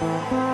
Música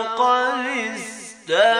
لقد استمتعت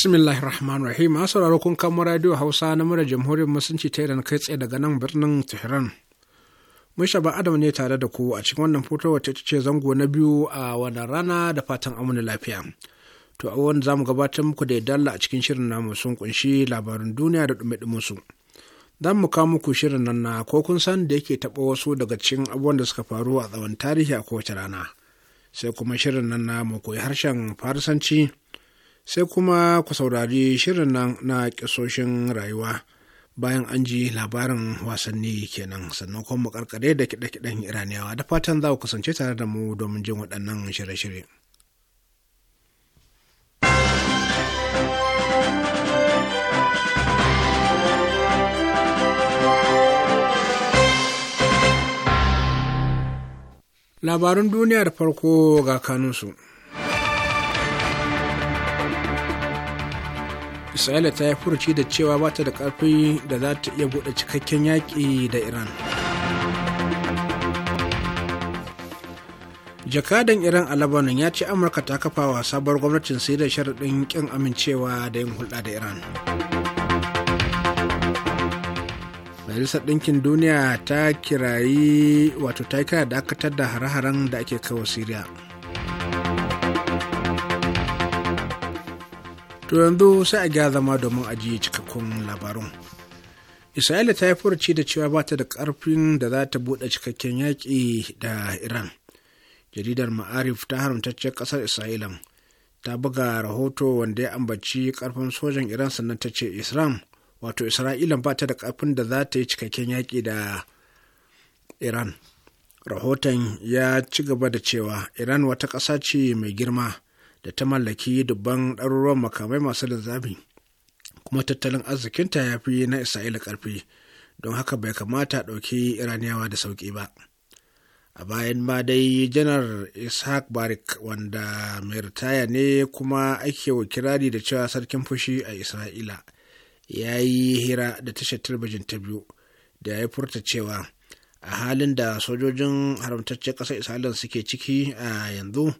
bismillahir rahmanir rahim a sauraro kun kamo radio hausa na mura jamhuriyar musulunci ta iran kai tsaye daga nan birnin tehran musha ba adam ne tare da ku a cikin wannan foto wacce ce zango na biyu a wannan rana da fatan amuni lafiya to a za mu gabatar muku da dalla a cikin shirin namu sun kunshi labarin duniya da dumi su za mu kawo muku shirin nan na ko kun san da yake taɓa wasu daga cikin abubuwan da suka faru a tsawon tarihi a kowace rana sai kuma shirin nan na mu koyi harshen farisanci sai kuma ku saurari shirin nan na kisoshin rayuwa bayan an ji labarin wasanni kenan sannan kuma karkare da kiɗe-kiɗen iraniyawa da fatan za ku kasance tare da mu domin jin waɗannan shirye-shirye. Labarun duniya da farko ga kanunsu. isra'ila ta yi furuci da cewa ba ta da ƙarfi da za ta iya buɗe cikakken yaƙi da iran jakadan iran a lebanon ya ce amurka ta kafa wa sabuwar gwamnatin sai da sharaɗin ƙin amincewa da yin hulɗa da iran majalisar ɗinkin duniya ta kirayi wato ta kira dakatar da hare-haren da ake kawo siriya to yanzu sai a gya zama domin ajiye cikakkun labarun isra'ila ta yi furci da cewa ba ta da ƙarfin da za ta buɗe cikakken yaƙi da iran jaridar ma'arif ta haramtacciyar ƙasar isra'ila ta buga rahoto wanda ya ambaci ƙarfin sojan iran sannan ta ce islam wato isra'ila ba ta da ƙarfin da za ta yi cikakken yaƙi da iran rahoton ya ci gaba da cewa iran wata ƙasa ce mai girma da ta mallaki dubban ɗaruruwan makamai masu linzami kuma tattalin arzikinta ya fi na isra'ila ƙarfi don haka bai kamata a ɗauki iraniyawa da sauƙi ba a bayan ma dai janar ishaq barik wanda mai ritaya ne kuma ake wa kirari da cewa sarkin fushi a isra'ila ya yi hira da tashar talbijin ta biyu da ya furta cewa a halin da sojojin haramtaccen ƙasar isra'ila suke ciki a yanzu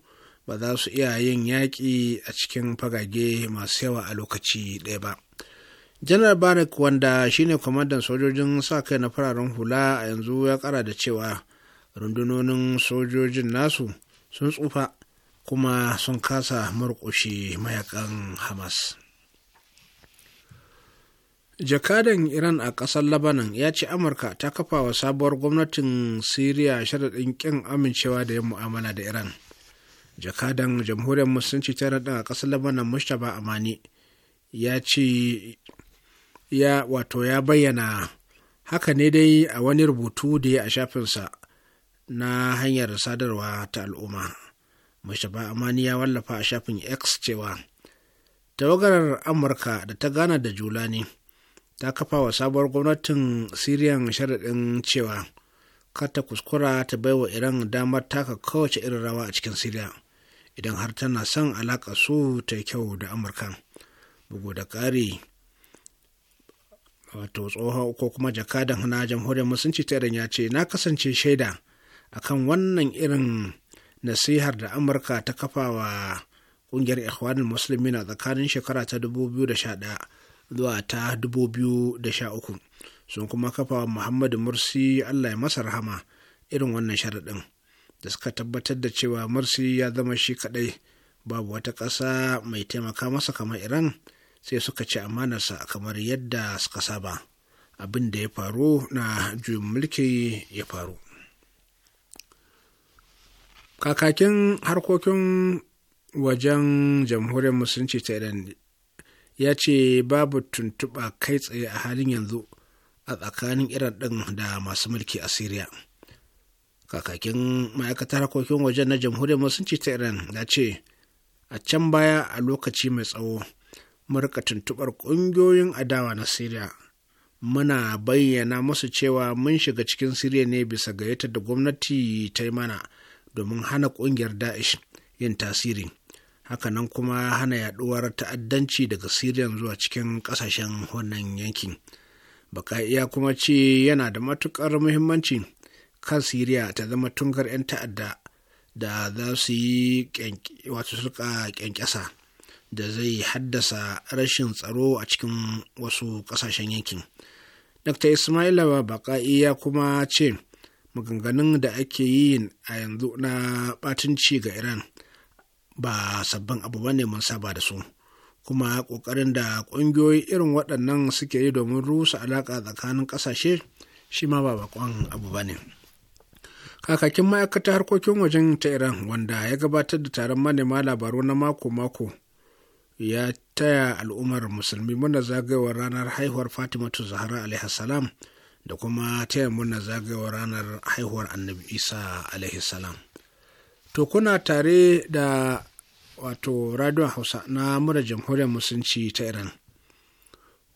ba za su iya yin yaƙi a cikin fagage masu yawa a lokaci ɗaya ba janar barak wanda shine kwamandan sojojin sa kai na fararen hula a yanzu ya kara da cewa rundunonin sojojin nasu sun tsufa kuma sun kasa murƙushe mayakan hamas jakadan iran a ƙasar labanan ya ce amurka ta kafa wa sabuwar gwamnatin siriya sharaɗin ƙin amincewa da yin mu'amala da iran jakadan jamhuriyar musulunci ta raɗa a ƙasar labanan mustapha amani ya ce ya wato ya bayyana haka ne dai a wani rubutu da ya a shafinsa na hanyar sadarwa ta al'umma mustapha amani ya wallafa a shafin x cewa tawagarar amurka da ta gana da Jula ne, ta kafa wa sabuwar gwamnatin siriyan sharaɗin cewa kar ta kuskura ta baiwa iran damar taka kowace irin rawa a cikin siriya idan har tana son alaka su ta kyau da amurka bugu da ƙari wato tsohon ko kuma jakadan na jamhuriyar musulunci ta ya ce na kasance shaida akan wannan irin nasihar da amurka ta kafa wa ƙungiyar ikhwanin musulmi na tsakanin shekara ta 2011 zuwa ta 2013 sun kuma kafa wa muhammadu mursi allah ya masa rahama irin wannan sharaɗin da suka tabbatar da cewa mursi ya zama shi kaɗai babu wata ƙasa mai taimaka masa kamar iran sai suka ci amanarsa kamar yadda suka saba abin da ya faru na juyin mulki ya faru kakakin harkokin wajen jamhuriyar musulunci ta iran ya ce babu tuntuɓa kai tsaye a halin yanzu a tsakanin iran ɗin da masu mulki a syria kakakin ma'aikatar harkokin wajen na jamhuriyar musulunci ta iran ya ce a can baya a lokaci mai tsawo murka tuntubar ƙungiyoyin adawa na Syria. muna bayyana musu cewa mun shiga cikin siriya ne bisa yadda da gwamnati ta yi mana domin hana ƙungiyar Daesh yin tasiri hakanan kuma hana yaduwar ta'addanci daga siriya zuwa cikin ƙasashen wannan yankin baka iya kuma ce yana da matukar muhimmanci kan siriya ta zama tungar 'yan ta'adda da za su yi wato sulka kyankyasa da zai haddasa rashin tsaro a cikin wasu ƙasashen yankin dr ismaila baƙa'i ya kuma ce maganganun da ake yi a yanzu na ɓatunci ga iran ba sabbin abu ba ne mun saba da su kuma ƙoƙarin da ƙungiyoyi irin waɗannan suke yi domin rusa alaƙa tsakanin ƙasashe shi ma ba bakon abu ba ne. kakakin ma'aikatar harkokin wajen ta iran wanda ya gabatar da taron manema labaru na mako-mako ya taya al'ummar musulmi muna zagayewar ranar haihuwar fatimatu zahra alaihi salam da kuma taya muna zagayewar ranar haihuwar annabi isa alaihi salam to kuna tare da wato radiyon hausa na mura jamhuriyar musulunci ta iran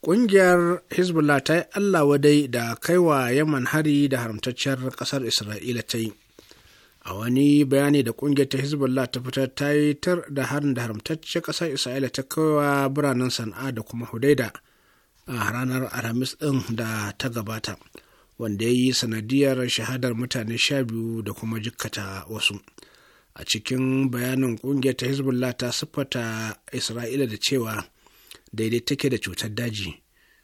Ƙungiyar Hezbollah ta yi Allah wadai da kaiwa Yaman hari da haramtacciyar ƙasar Isra'ila ta yi. A wani bayani da ƙungiyar ta Hezbollah ta fitar ta yi tar da harin da haramtacciyar ƙasar Isra'ila ta kaiwa biranen Sana'a da kuma Hudaida a ranar Alhamis ɗin da ta gabata. wanda ya yi sanadiyar shahadar mutane sha biyu da kuma jikkata wasu a cikin bayanin ƙungiyar ta hezbollah ta siffata isra'ila da cewa daidai take da cutar daji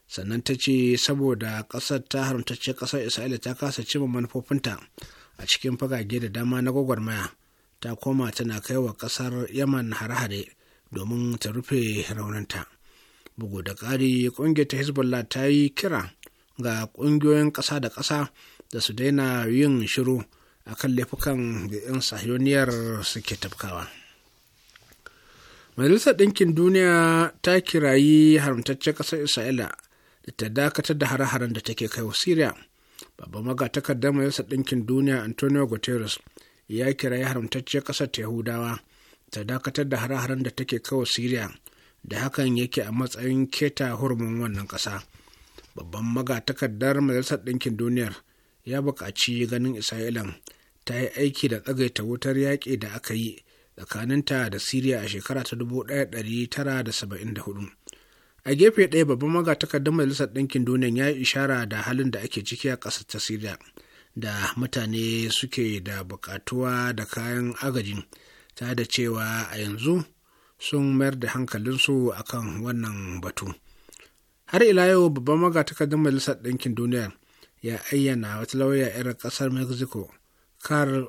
sannan ta ce saboda ƙasar ta haramtacce ƙasar isra'ila ta kasa cimma manufofinta a cikin fagage da dama na gwagwarmaya ta koma tana kai wa ƙasar yaman hare-hare domin ta rufe raunanta bugu da ƙari ƙungiyar ta hezbollah ta yi kira ga ƙungiyoyin ƙasa da ƙasa da su daina yin shiru akan laifukan da 'yan sahiyoniyar suke tafkawa. majalisar ɗinkin duniya ta kirayi haramtaccen ƙasar isra'ila da ta dakatar da hare-haren da take kai wa syria babban magatakardar majalisar ɗinkin duniya antonio guterres ya kirayi haramtaccen ƙasar ta yahudawa ta dakatar da hare-haren da take kai wa syria da hakan yake a matsayin keta hurumin wannan ƙasa babban magatakardar majalisar ɗinkin duniyar ya buƙaci ganin isra'ilan ta yi aiki da tsagaita wutar yaƙi da aka yi tsakaninta da Siriya a shekara ta 1974. A gefe ɗaya babban magatakardar Majalisar Ɗinkin Duniya ya yi ishara da halin da ake ciki a ƙasar ta Siriya da mutane suke da buƙatuwa da kayan agajin ta da cewa a yanzu sun mayar da hankalinsu a kan wannan batu. Har ila yau babban magatakardar Majalisar Ɗinkin Duniya ya ayyana wata lauya 'yar ƙasar Mexico, Carl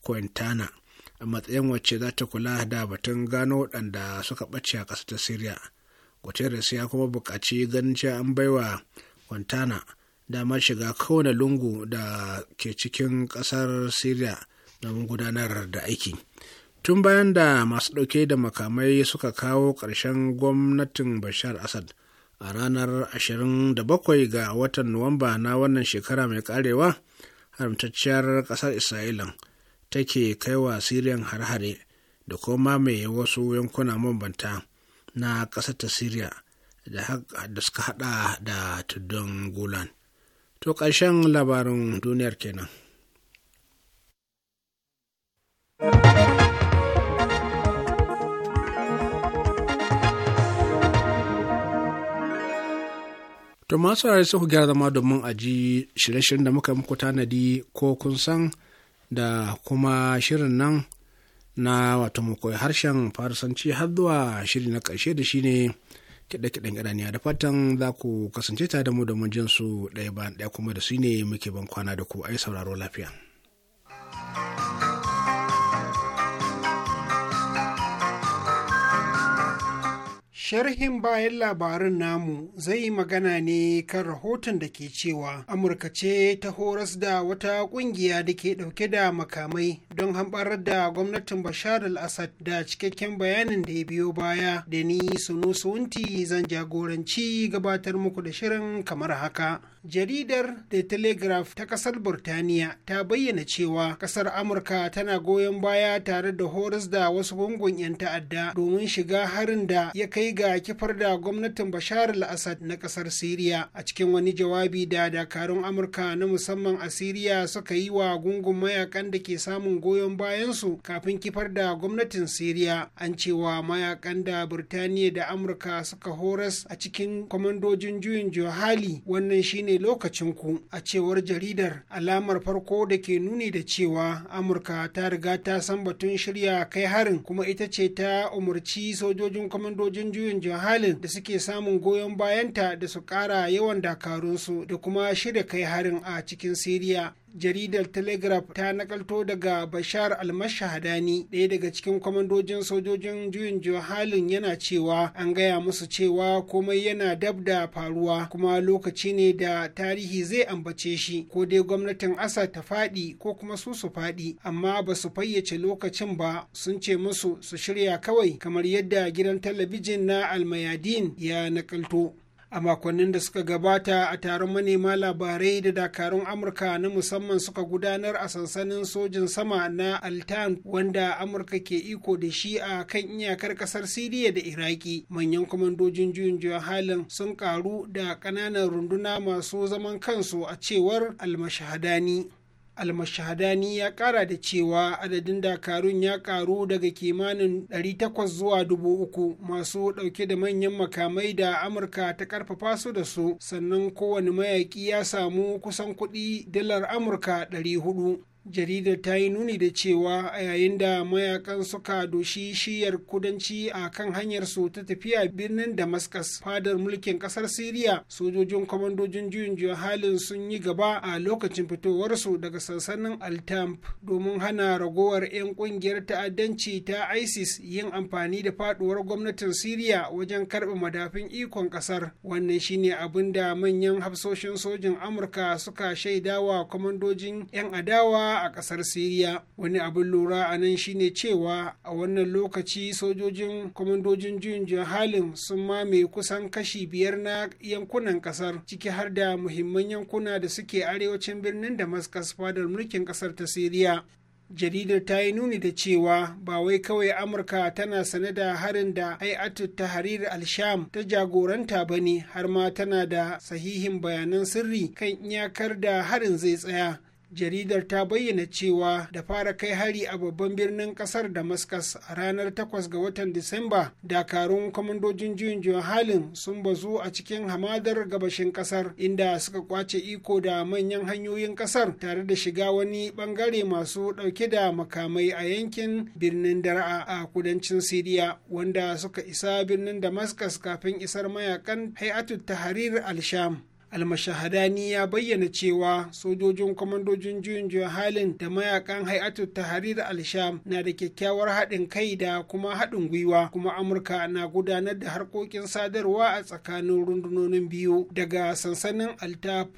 Quintana. matsayin wacce za ta kula da batun gano waɗanda suka ɓace a ƙasar ta Siriya. Guterres ya kuma buƙaci ganin cewa an baiwa Montana damar shiga kowane lungu da ke cikin ƙasar Siriya domin gudanar da aiki. Tun bayan da masu ɗauke da makamai suka kawo ƙarshen gwamnatin Bashar Assad a ranar 27 ga watan Nuwamba na wannan shekara mai ƙarewa, haramtacciyar ƙasar Isra'ilan. take kaiwa siriyan har-hare da kuma mamaye wasu yankuna mabanta na ƙasar ta siriya da suka hada da tudun golan to ƙarshen labarin duniyar kenan. To masu rari suka gyara zama domin a ji shirye-shiryen da muka muku tanadi ko kun san da kuma shirin nan na wato koyi harshen farisanci har zuwa shiri na ƙarshe da shi shine kiɗe-kiɗen iraniya da fatan za ku kasance tare da mu da mun jinsu ɗaya bayan ɗaya kuma da su ne muke ban kwana da ku ai sauraro lafiya. Sharhin bayan labarin namu zai yi magana ne kan rahoton da ke cewa Amurka ce ta horas da wata kungiya da ke ɗauke da makamai don hambar da gwamnatin Bashar al-Assad da cikakken bayanin da ya biyo baya da ni Sunusunti zan jagoranci gabatar muku da shirin kamar haka. jaridar The Telegraph ta kasar Burtaniya ta bayyana cewa kasar Amurka tana goyon baya tare da horas da wasu gungun 'yan ta'adda domin shiga harin da ya kai ga kifar da gwamnatin Bashar al-Assad na kasar Siriya a cikin wani jawabi da dakarun Amurka na musamman a Siriya suka yi wa gungun mayakan da ke samun goyon bayansu kafin kifar da gwamnatin Siriya an cewa mayakan da Burtaniya da Amurka suka horas a cikin kwamandojin juyin Johali wannan shine daɗe lokacinku a cewar jaridar alamar farko da ke nuni da cewa amurka ta riga ta san batun shirya kai harin kuma ita ce ta umarci sojojin kwamandojin juyin jihalin da suke samun goyon bayanta da su ƙara yawan dakarunsu da kuma shirya kai harin a cikin siriya jaridar telegraph ta nakalto daga bashar almashahadani ɗaya daga cikin kwamandojin sojojin juyin halin yana cewa an gaya musu cewa komai yana dab da faruwa kuma lokaci ne da tarihi zai ambace shi ko dai gwamnatin asa ta faɗi ko kuma su su faɗi amma ba su fayyace lokacin ba sun ce musu su shirya kawai kamar yadda gidan talabijin na almayadin ya nakalto a makonnin da suka gabata a taron manema labarai da dakarun amurka na musamman suka gudanar a sansanin sojin sama na altan wanda amurka ke iko da shi a kan iyakar kasar siriya da iraki manyan kwamandojin juyin juyin halin sun karu da ƙananan runduna masu zaman kansu a cewar almashahadani almashahadani ya kara da cewa adadin dakarun ya karu daga kimanin 800 zuwa 3000 masu dauke da manyan makamai da amurka ta karfafa su da su sannan kowane mayaki ya samu kusan kudi dalar amurka 400 jaridar ta yi nuni da cewa a yayin da mayakan suka doshi shiyar kudanci a kan hanyar su ta tafiya birnin damascus fadar mulkin kasar syria sojojin kwamandojin juyin juya halin sun yi gaba a lokacin fitowarsu daga sansanin altamp domin hana ragowar 'yan kungiyar ta'addanci ta isis yin amfani da faduwar gwamnatin syria wajen karɓa madafin ikon kasar wannan shine abin da manyan hafsoshin sojin amurka suka shaidawa kwamandojin 'yan adawa a ƙasar siriya wani abin lura a nan shine cewa a wannan lokaci sojojin kwamandojin juyin halin sun mame kusan kashi biyar na yankunan ƙasar ciki har da muhimman yankuna da suke arewacin birnin damascus fadar mulkin ƙasar ta siriya jaridar ta yi nuni da cewa ba wai kawai amurka tana sane da harin da hay'atu tahrir al-sham ta jagoranta ba ne har ma tana da sahihin bayanan sirri kan iyakar da harin zai tsaya jaridar ta bayyana cewa da fara kai hari a babban birnin kasar damascus a ranar 8 ga watan disamba dakarun kwamandojin juyin juyin halin sun bazu a cikin hamadar gabashin kasar inda suka kwace iko da manyan hanyoyin kasar tare da shiga wani bangare masu dauke da makamai a yankin birnin Dara a kudancin siriya wanda suka isa birnin damascus kafin isar mayakan hay'atu tahrir al-sham almashahadani ya bayyana cewa sojojin kwamandojin juyin juyin halin da mayakan ta tahrir al-sham na da kyakkyawar haɗin kai da kuma haɗin gwiwa kuma amurka na gudanar da harkokin sadarwa a tsakanin rundunonin biyu daga sansanin altaf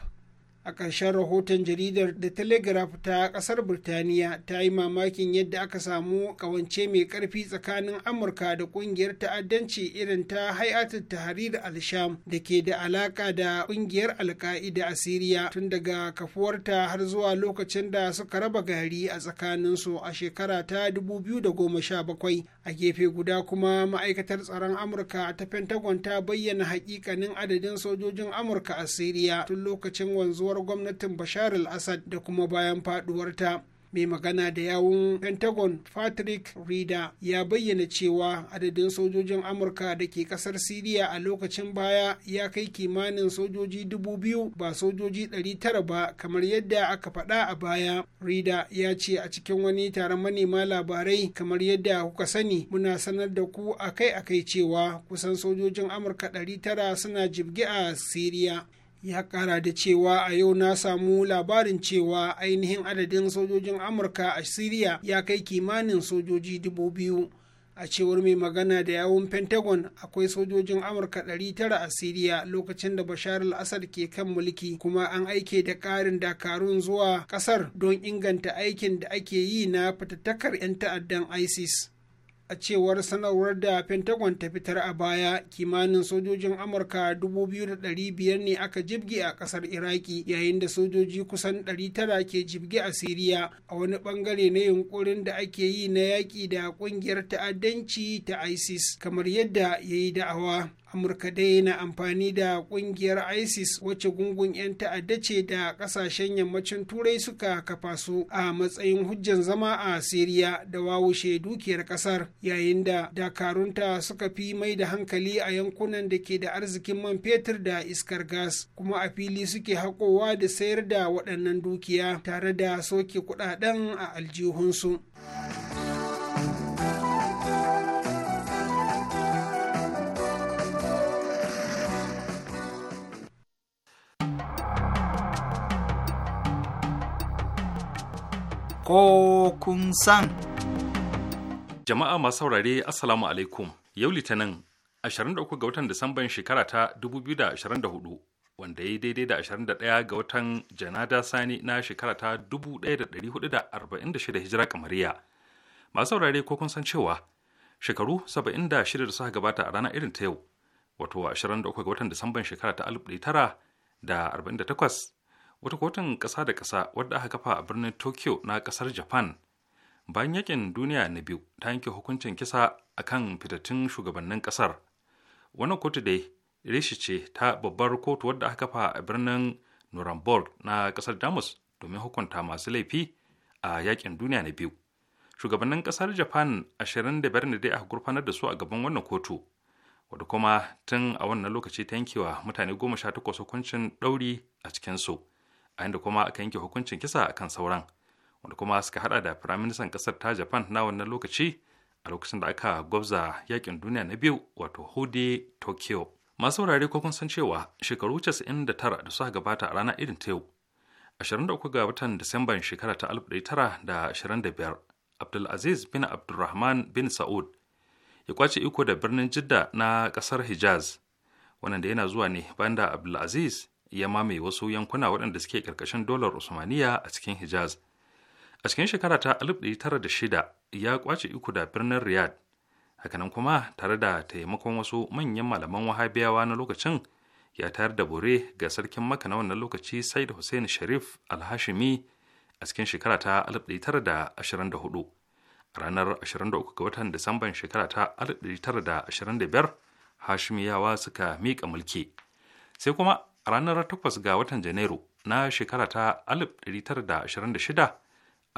a ƙarshen rahoton jaridar da telegraph ta ƙasar birtaniya ta yi mamakin yadda aka samu ƙawance mai ƙarfi tsakanin amurka da ƙungiyar ta'addanci irin ta hayatul tahrir al-sham da ke da alaƙa da ƙungiyar alka'ida a siriya tun daga kafuwarta har zuwa lokacin da suka raba gari a tsakaninsu a shekara ta 2017 a gefe guda kuma ma'aikatar tsaron amurka ta pentagon ta bayyana hakikanin adadin sojojin amurka a Syria tun lokacin wanzuwar gwamnatin bashar al-assad da kuma bayan faduwarta mai magana da yawun pentagon patrick reeder ya bayyana cewa adadin sojojin amurka da ke kasar siriya a lokacin baya ya kai kimanin sojoji dubu biyu ba sojoji ɗari tara ba kamar yadda aka faɗa a baya reeder ya ce a cikin wani taron manema labarai kamar yadda kuka sani muna sanar da ku akai-akai cewa kusan sojojin amurka ɗari tara suna jibgi a siriya ya kara da cewa a yau na samu labarin cewa ainihin adadin sojojin amurka a siriya ya kai kimanin sojoji dubu biyu a cewar mai magana da yawun pentagon akwai sojojin amurka 900 a siriya lokacin da bashar al-assad ke kan mulki kuma an aike da karin dakarun zuwa kasar don inganta aikin da ake yi na fitattakar 'yan ta'addan isis a cewar sanarwar da pentagon ta fitar a baya kimanin sojojin amurka 2,500 ne aka jibge a kasar iraki yayin da sojoji kusan 900 ke jibge a siriya a wani bangare na yunkurin da ake yi na yaƙi da ƙungiyar ta'addanci ta isis kamar yadda ya yi da'awa amurka dai na amfani da kungiyar isis wacce gungun 'yan ta'adda ce da kasashen yammacin turai suka kafa su a matsayin hujjan zama a siriya da wawushe dukiyar kasar yayin da dakarunta suka fi mai da hankali a yankunan da ke da arzikin man fetur da iskar gas kuma a fili suke haƙowa da sayar da waɗannan dukiya tare da soke kuɗaɗen a aljihunsu. ko kun san. Jama'a masu saurare Assalamu alaikum yau Litinin 23 ga watan Disamban shekara ta 2024 wanda ya yi daidai da 21 ga watan Janada Sani na shekara ta 1446 hijira kamariya. Masu saurare ko kun san cewa shekaru 76 da suka gabata a ranar irin ta yau wato 23 ga watan Disamban shekara ta 1948 wata kotun ƙasa da ƙasa wadda aka kafa a birnin tokyo na ƙasar japan bayan yakin duniya na biyu ta yanke hukuncin kisa a kan fitattun shugabannin ƙasar wani kotu dai reshi ce ta babbar kotu wadda aka kafa a birnin nuremberg na ƙasar jamus domin hukunta masu laifi a yakin duniya na biyu shugabannin ƙasar japan ashirin da ne dai aka gurfanar da su a gaban wannan kotu wadda kuma tun a wannan lokaci ta yankewa mutane goma sha takwas hukuncin ɗauri a cikinsu. a inda kuma aka yanke hukuncin kisa akan sauran wanda kuma suka hada da firaministan kasar ta japan na wannan lokaci a lokacin da aka gwabza yakin duniya na biyu wato hude tokyo masu wurare ko kun san cewa shekaru 99 da suka gabata a rana irin ta yau 23 ga watan disamban shekara ta 1925 abdulaziz bin abdulrahman bin sa'ud ya kwace iko da birnin jidda na kasar hijaz wannan da yana zuwa ne bayan da abdulaziz ya mamaye wasu yankuna waɗanda suke ƙarƙashin dolar Usmaniya a cikin Hijaz. A cikin shekara ta 1906 ya kwace iko da birnin Riyadh, hakanan kuma tare da taimakon wasu manyan malaman wahabiyawa na lokacin ya tayar da bore ga sarkin maka na wannan lokaci Said Hussein Sharif Alhashimi a cikin shekara ta 1924. A ranar 23 ga watan Disamban shekara ta 1925 Hashimiyawa suka miƙa mulki. Sai kuma a ranar 8 ga watan janairu na shekara ta 1926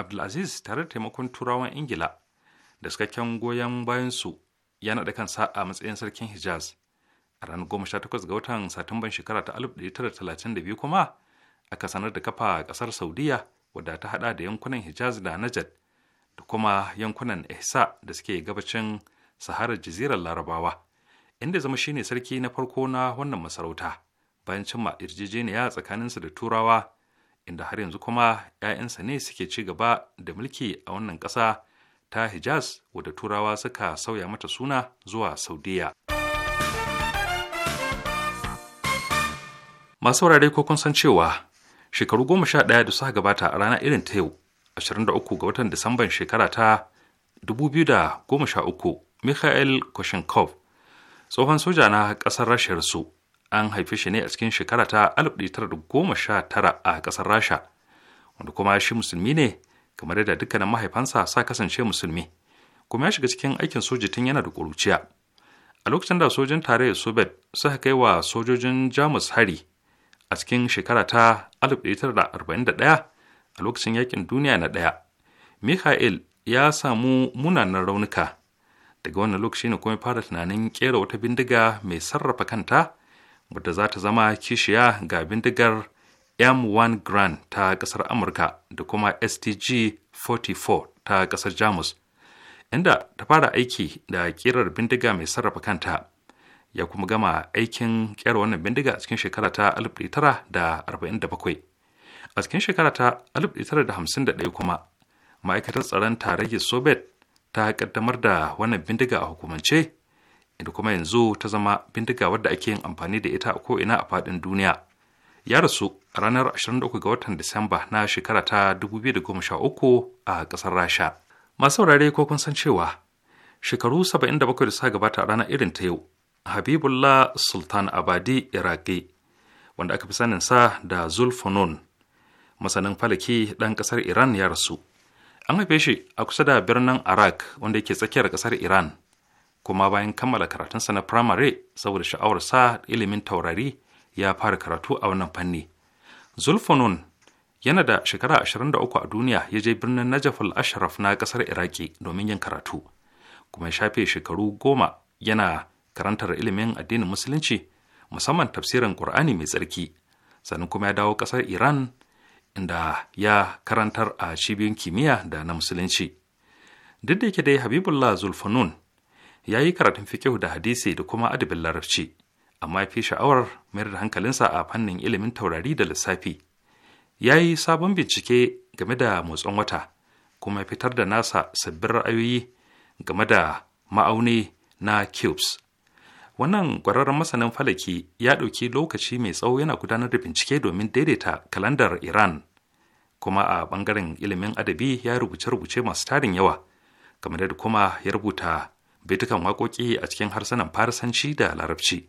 abdulaziz tare da taimakon turawan ingila da cikakken goyon bayansu ya naɗa kansa a matsayin sarkin hijaz a ranar 18 ga watan satumban shekara ta 1932 kuma aka sanar da kafa ƙasar saudiya wadda ta haɗa da yankunan hijaz da najad da kuma yankunan ihsa da suke gabacin saharar jazirar larabawa inda zama shine sarki na farko na wannan masarauta bayan cimma yarjejeniya tsakaninsa da turawa inda har yanzu kuma 'ya'yansa ne suke ci gaba da mulki a wannan ƙasa ta hijaz wadda turawa suka sauya mata suna zuwa saudiya masu wurare ko kun san cewa shekaru goma sha ɗaya da suka gabata a rana irin ta yau 23 ga watan disamban shekara ta 2013 mikhail koshinkov tsohon soja na ƙasar rasha su an haifi shi ne a cikin shekara ta 1919 a ƙasar rasha wanda kuma shi musulmi ne kamar yadda dukkanin mahaifansa sa kasance musulmi kuma ya shiga cikin aikin soji tun yana da ƙuruciya a lokacin da sojin tarayyar soviet suka kai wa sojojin jamus hari a cikin shekara ta 1941 a lokacin yakin duniya na ɗaya mikhail ya samu munanan raunuka daga wannan lokaci ne kuma fara tunanin kera wata bindiga mai sarrafa kanta wadda za ta zama kishiya ga bindigar M1 Grand ta ƙasar Amurka da kuma STG 44 ta ƙasar Jamus, inda ta fara aiki da ƙirar bindiga mai sarrafa kanta, ya kuma gama aikin ƙera wannan bindiga a cikin shekara ta 1947. A cikin shekara ta 1951 kuma, ma'aikatar tsaron tarayyar Soviet ta ƙaddamar da wannan bindiga a hukumance inda kuma yanzu ta zama bindiga wadda ake yin amfani da ita a ko'ina a faɗin duniya ya rasu a ranar 23 ga watan disamba na shekara ta 2013 a ƙasar rasha masu wurare ko kun san cewa shekaru 77 da suka gabata a ranar irin ta yau habibullah sultan abadi iraki wanda aka fi saninsa da zulfanon masanin falaki ɗan ƙasar iran ya rasu an haife shi a kusa da birnin arak wanda yake tsakiyar ƙasar iran kuma bayan kammala karatunsa na firamare saboda sa ilimin taurari ya fara karatu a wannan fanni zulfanun yana da shekara 23 a duniya ya je birnin Najafal al-ashraf na kasar iraki domin yin karatu kuma ya shafe shekaru goma yana karantar ilimin addinin musulunci musamman tafsirin qur'ani mai tsarki sannan kuma ya dawo kasar iran inda ya karantar a cibiyoyin kimiyya da na musulunci duk da yake dai habibullah zulfanun ya yi karatun fikihu da hadisi da kuma adabin larabci amma fi sha'awar mayar da hankalinsa a fannin ilimin taurari da lissafi ya yi sabon bincike game da motsin wata kuma ya fitar da nasa sabbin ra'ayoyi game da ma'auni na cubes wannan kwararren masanin falaki ya ɗauki lokaci mai tsawo yana gudanar da bincike domin daidaita kalandar iran kuma a ɓangaren ilimin adabi ya rubuce-rubuce masu tarin yawa kamar da kuma ya rubuta baitukan waƙoƙi a cikin harsunan farisanci da larabci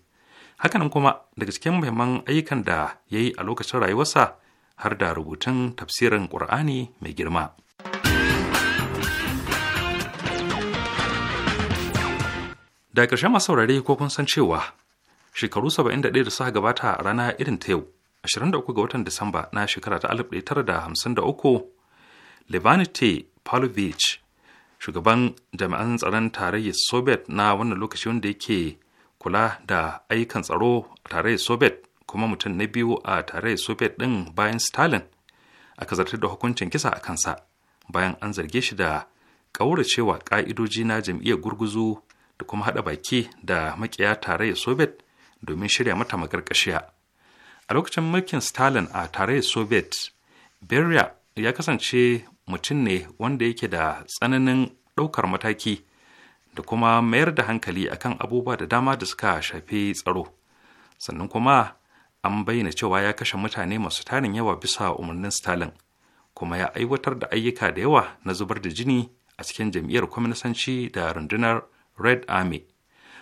hakanan kuma daga cikin muhimman ayyukan da ya yi a lokacin rayuwarsa har da rubutun tafsirin ƙur'ani mai girma da ƙarshe masu saurare ko kun san cewa shekaru 71 da suka gabata a rana irin ta yau 23 ga watan Disamba na shekara ta 1953 Levanite Pavlovich shugaban jami'an tsaron tarayyar soviet na wannan lokaci wanda yake kula da ayyukan tsaro a tarayyar soviet kuma mutum na biyu a tarayyar soviet din bayan stalin aka zarta da hukuncin kisa a kansa bayan an zarge shi da ƙauracewa ka'idoji na jam'iyyar gurguzu da kuma haɗa baki da makiya tarayyar soviet domin shirya mata makarkashiya a lokacin mulkin stalin a tarayyar soviet beria ya kasance mutum ne wanda yake da tsananin ɗaukar mataki da kuma mayar da hankali akan abubuwa da dama da suka shafi tsaro sannan kuma an bayyana cewa ya kashe mutane masu tarin yawa bisa umarnin stalin kuma ya aiwatar da ayyuka da yawa na zubar da jini a cikin jam'iyyar kwaminisanci da rundunar red army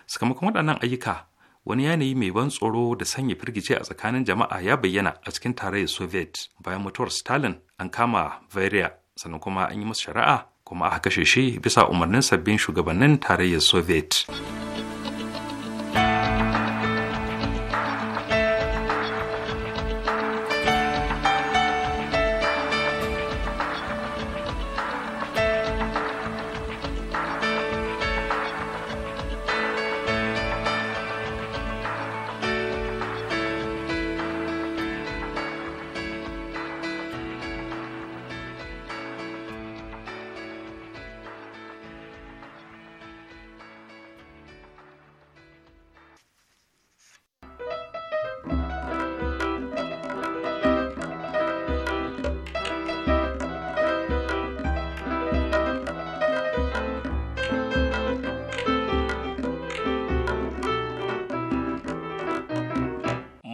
sakamakon waɗannan ayyuka wani yanayi mai ban tsoro da sanya firgice a tsakanin jama'a ya bayyana a cikin tarayyar soviet bayan mutuwar stalin an kama varia sannan kuma an yi masa shari'a kuma aka kashe shi bisa umarnin sabbin shugabannin tarayyar soviet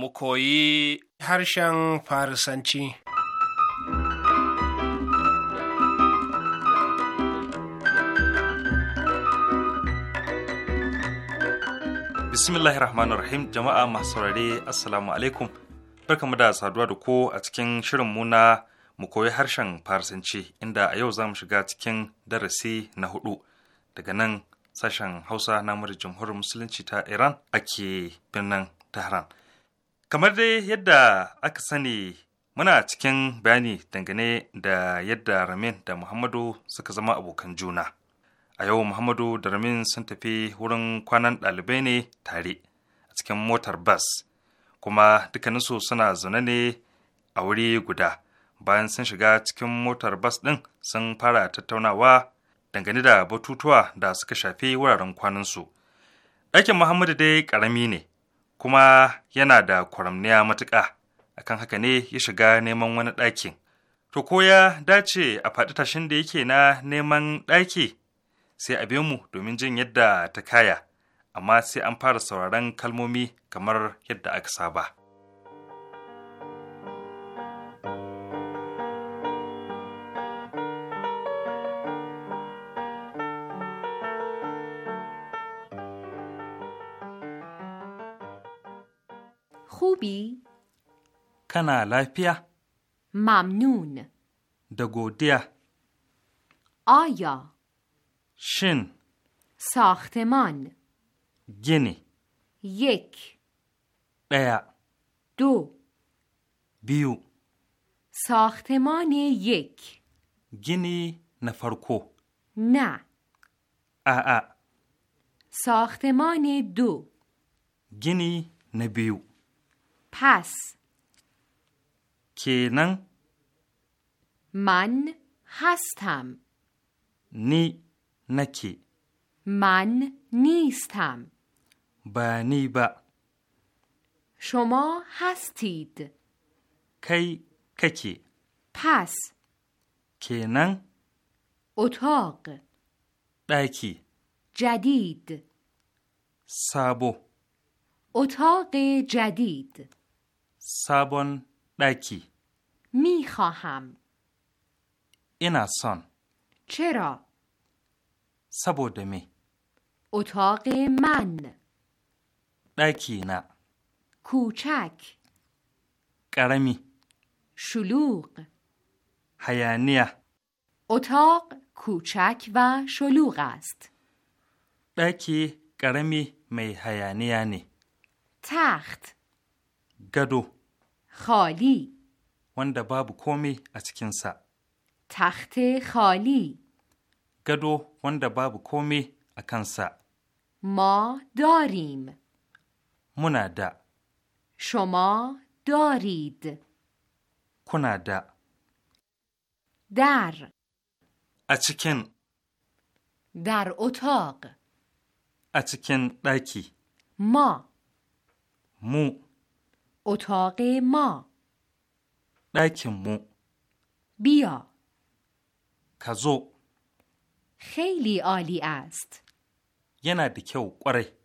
mu koyi harshen Farisanci. Bismillahir Rahim jama'a masu saurare Assalamu alaikum. Barkamu da saduwa da ko a cikin shirin mu na mu koyi harshen Farisanci inda a yau za mu shiga cikin darasi na hudu daga nan sashen Hausa na murar Jamhuriyar Musulunci ta Iran ake birnin Tehran. kamar dai yadda aka sani muna cikin bayani dangane da yadda ramin da muhammadu suka zama abokan juna a yau muhammadu da ramin sun tafi wurin kwanan ɗalibai ne tare a cikin motar bas kuma dukkaninsu suna zaune ne a wuri guda bayan sun shiga cikin motar bas ɗin sun fara tattaunawa dangane da batutuwa da suka shafi wuraren kwanansu ɗakin muhammadu dai ƙarami ne kuma yana da kwaramniya matuƙa akan haka ne ya shiga neman wani ɗakin to ko ya dace a faɗi tashin da yake na neman ɗaki sai a mu domin jin yadda ta kaya amma sai an fara sauraron kalmomi kamar yadda aka saba. خوبی؟ کنا لایپیا ممنون دگودیا آیا شن ساختمان گینی یک بیا دو بیو ساختمان یک گینی نفرکو نه آآ ساختمان دو گینی نبیو پس کینن من هستم نی نکی من نیستم بانی با شما هستید کی ککی پس کنن اتاق دکی جدید سابو اتاق جدید سابون دکی می خواهم این آسان چرا؟ سبودمی اتاق من دکی نه کوچک قرمی شلوغ حیانیه اتاق کوچک و شلوغ است دکی قرمی می حیانیه تخت گدو خالی وند بابو کومی ا چیکینس تخت خالی گدو وند بابو کومی اکنسا ما داریم مونا د شما دارید کونا د در اچکن در اتاق اچکن چیکن داکی ما مو اتاق ما مو بیا کزو خیلی عالی است یه ندیکه و قره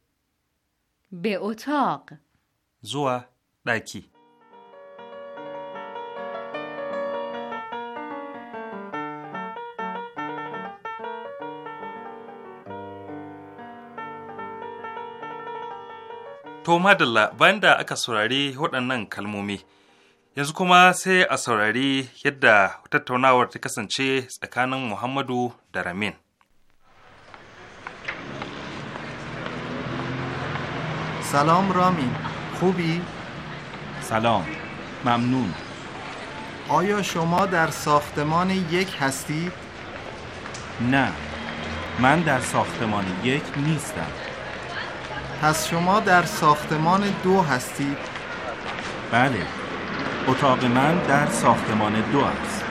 به اتاق زوا دکی To madalla bayan da aka saurari waɗannan kalmomi, yanzu kuma sai a saurari yadda tattaunawar ta kasance tsakanin Muhammadu da Ramin. سلام رامین خوبی؟ سلام ممنون آیا شما در ساختمان یک هستید؟ نه من در ساختمان یک نیستم پس شما در ساختمان دو هستید؟ بله اتاق من در ساختمان دو است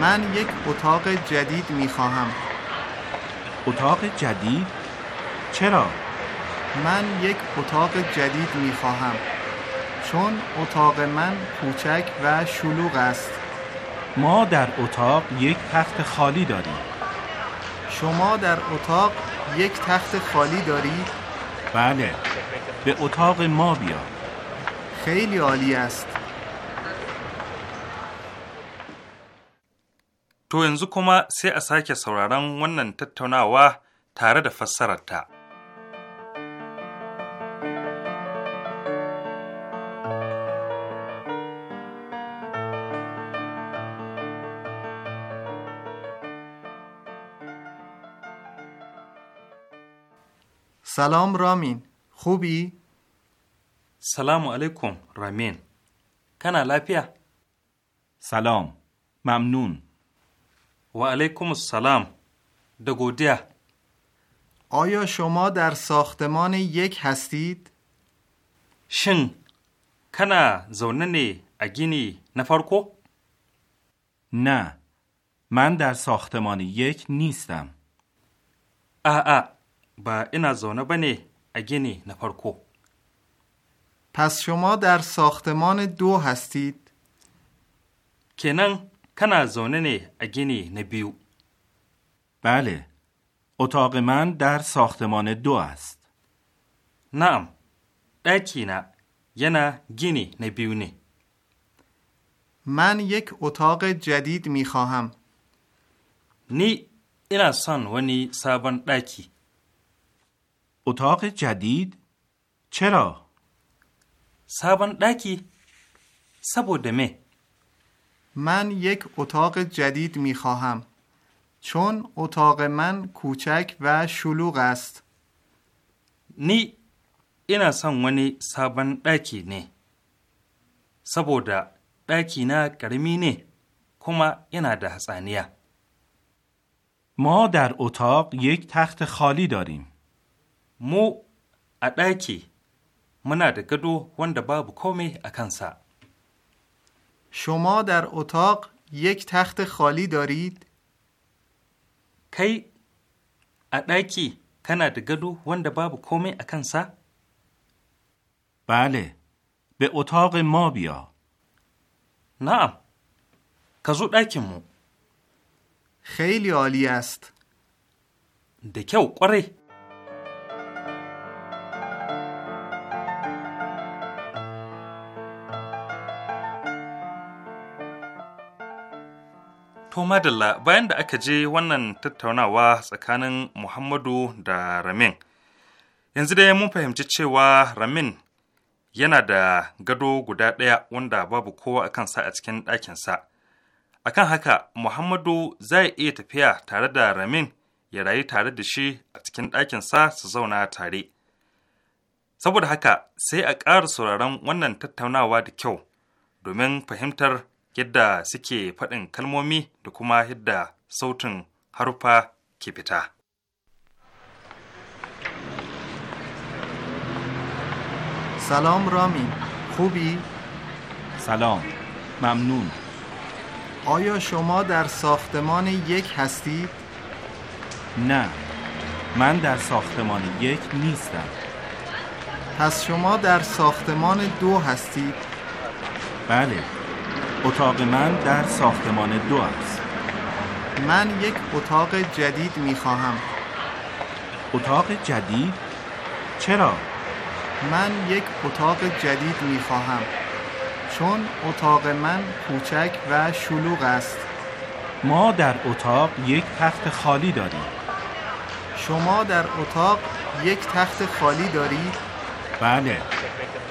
من یک اتاق جدید می خواهم اتاق جدید؟ چرا؟ من یک اتاق جدید می خواهم چون اتاق من کوچک و شلوغ است ما در اتاق یک تخت خالی داریم شما در اتاق یک تخت خالی دارید؟ بله به اتاق ما بیا خیلی عالی To yanzu kuma sai a sake sauraron wannan tattaunawa tare da fassararta. سلام رامین خوبی؟ سلام علیکم رامین کنا لپیا؟ سلام ممنون و علیکم السلام دگودیا آیا شما در ساختمان یک هستید؟ شن کنا زوننی اگینی نفرکو؟ نه من در ساختمان یک نیستم. ا با این زونه بنه اگینی نپرکو پس شما در ساختمان دو هستید؟ کنن کنا زونه نه اگینی نبیو بله اتاق من در ساختمان دو است نعم دکی نه یه نه گینی نبیو من یک اتاق جدید می نی اینا سان ونی سابن دکی اتاق جدید؟ چرا؟ سابان داکی سبودمه من یک اتاق جدید می خواهم چون اتاق من کوچک و شلوغ است نی اینا سان ونی سابان داکی نه سبوده داکی نه کرمی نه کما اینا حسانیه ما در اتاق یک تخت خالی داریم مو ا داکی منا د گدو وند بابو کومی ا کنسا شما در اتاق یک تخت خالی دارید کی ا داکی کنا د گدو وند بابو کومی ا کنسا بله به اتاق ما بیا نعم ka zo ɗakinmu. Khayli Ali است. Da kyau ƙwarai. madalla bayan da aka je wannan tattaunawa tsakanin Muhammadu da Ramin. Yanzu dai mun fahimci cewa Ramin yana da gado guda ɗaya wanda babu kowa a kansa a cikin ɗakinsa. Akan haka, Muhammadu zai iya tafiya tare da Ramin ya rayu tare da shi a cikin ɗakinsa su zauna tare. Saboda haka, sai a ƙara sauraron wannan tattaunawa da kyau domin fahimtar یده سکه پدن کلمومی ده کما سوتن حروفا که سلام رامی خوبی؟ سلام ممنون آیا شما در ساختمان یک هستید؟ نه من در ساختمان یک نیستم پس شما در ساختمان دو هستید؟ بله اتاق من در ساختمان دو است من یک اتاق جدید می خواهم اتاق جدید؟ چرا؟ من یک اتاق جدید می خواهم چون اتاق من کوچک و شلوغ است ما در اتاق یک تخت خالی داریم شما در اتاق یک تخت خالی دارید؟ بله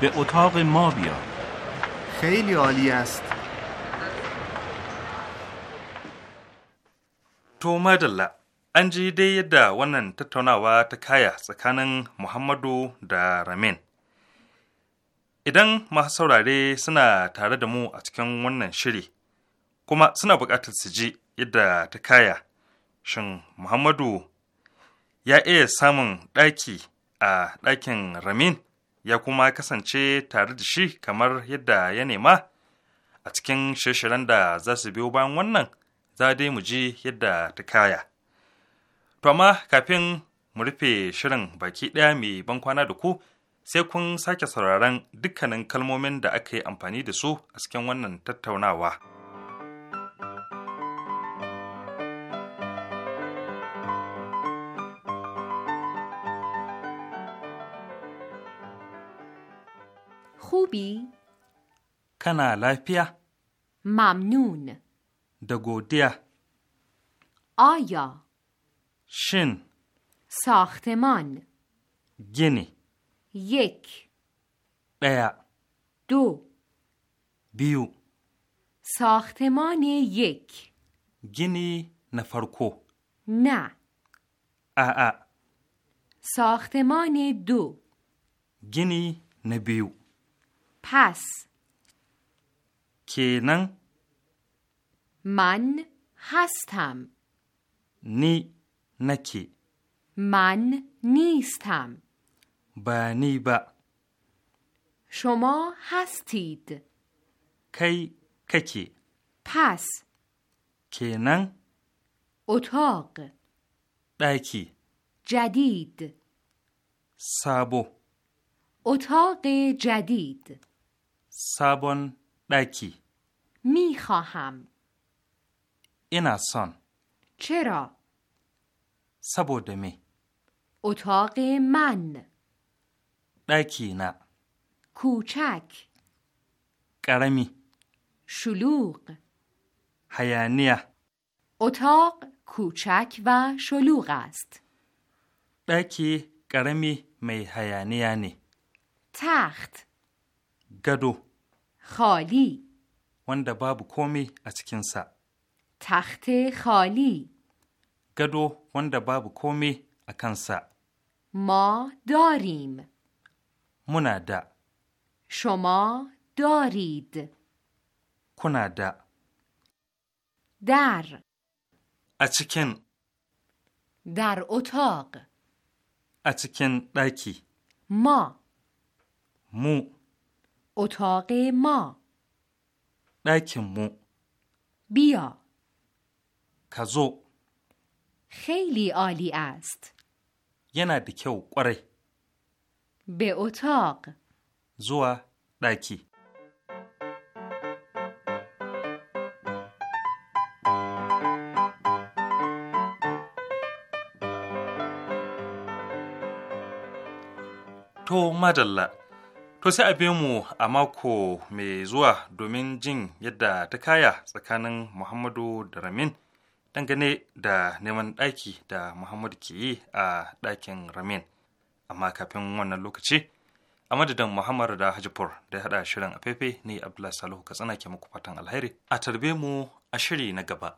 به اتاق ما بیا خیلی عالی است To madalla, an ji dai yadda wannan tattaunawa ta kaya tsakanin Muhammadu da Ramin. Idan masu saurare suna tare da mu a cikin wannan shiri, kuma suna buƙatar su ji yadda ta kaya, shin Muhammadu ya iya samun ɗaki a ɗakin Ramin ya kuma kasance tare da shi kamar yadda ya nema a cikin shirye-shiryen da za su biyo bayan wannan? za dai mu ji yadda ta kaya. To amma kafin mu rufe shirin baki ɗaya mai ban kwana da ku sai kun sake sauraron dukkanin kalmomin da aka yi amfani da su a cikin wannan tattaunawa. hubi. kana lafiya? Mamnun. da آیا شن ساختمان گینی یک بیا. دو بیو ساختمان یک گینی نفرکو نه ا ساختمان دو گینی نبیو پس کنن من هستم نی نکی من نیستم بانی با شما هستید کی ککی پس کنن اتاق دکی جدید سابو اتاق جدید سابون داکی میخواهم این آسان چرا؟ سبودمی اتاق من دکی نه کوچک قرمی شلوغ حیانیه اتاق کوچک و شلوغ است دکی قرمی می هیانیه نی تخت گدو خالی وند باب کومی از کنسه تخت خالی گدو وند باب کومی اکنسا ما داریم منادا شما دارید کنادا در اچکن در اتاق اچکن داکی ما مو اتاق ما داکی مو بیا tazo. خیلی عالی است yana da kyau ƙwarai. به اتاق zuwa ɗaki. To madalla, to sai abin mu a mako mai zuwa domin jin yadda ta kaya tsakanin Muhammadu da Ramin. dangane da neman ɗaki da Muhammadu ke yi a ɗakin Ramin. Amma kafin wannan lokaci, a madadin Muhammadu da Hajipur da ya haɗa shirin a ne Abdullahi Salihu Katsina ke muku fatan alheri. A tarbe mu a shiri na gaba.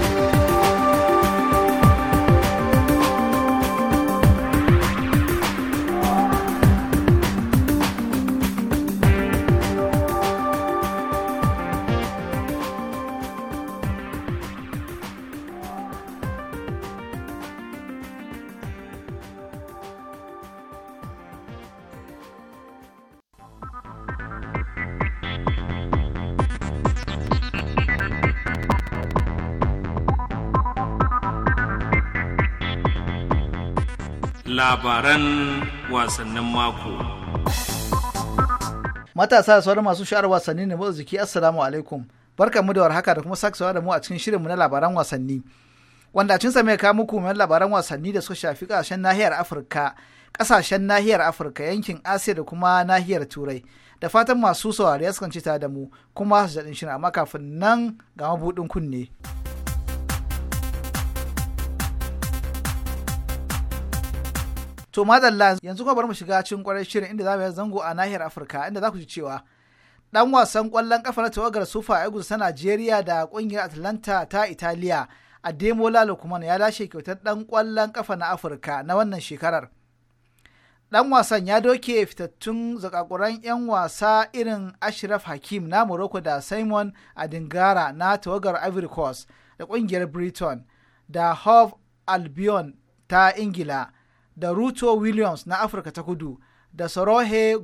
labaran wasannin mako. Matasa da sauran masu sha'ar wasanni na motsa jiki Assalamu alaikum. mu da warhaka da kuma saksawa da mu a cikin shirinmu na labaran wasanni. Wanda cin sa mai kawo muku mai labaran wasanni da suka shafi kasashen nahiyar Afirka, kasashen nahiyar Afirka, yankin Asiya da kuma nahiyar Turai. Da fatan masu saurari ya sukan da mu kuma su jaɗin shirin amma kafin nan ga mabuɗin kunne. to madalla yanzu kuma bari mu shiga cikin kwarar shirin inda za mu yi zango a nahiyar afirka inda za ku ji cewa ɗan wasan ƙwallon ƙafa na tawagar sufa eagles ta najeriya da ƙungiyar atlanta ta italiya ademola lukman ya lashe kyautar ɗan kwallon ƙafa na afirka na wannan shekarar dan wasan ya doke fitattun zakakuran 'yan wasa irin ashraf hakim na morocco da simon adingara na tawagar ivory coast da ƙungiyar britain da hove albion ta ingila da ruto williams na afirka ta kudu da sorohe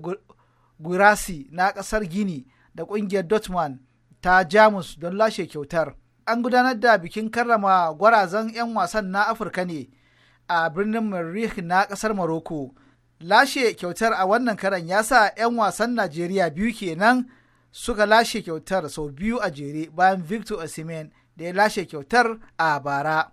gurasi na ƙasar gini da ƙungiyar dortmund ta jamus don lashe kyautar an gudanar da bikin karrama gwarazan 'yan wasan na afirka ne a birnin marik na ƙasar maroko lashe kyautar a wannan karan ya sa 'yan wasan najeriya biyu kenan suka lashe kyautar sau biyu a jere bayan victor osimhen da ya lashe kyautar a bara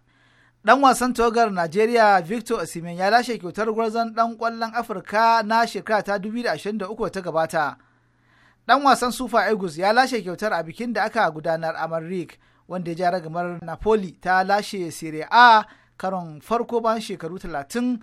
dan wasan Togar Najeriya Victor Osimhen ya lashe kyautar gwarzon dan kwallon Afirka na shekara ta 2023 ta gabata. Dan wasan Sufa Eagles ya lashe kyautar a bikin da aka gudanar a Madrid wanda ya ja ragamar Napoli ta lashe Serie A karon farko bayan shekaru 33.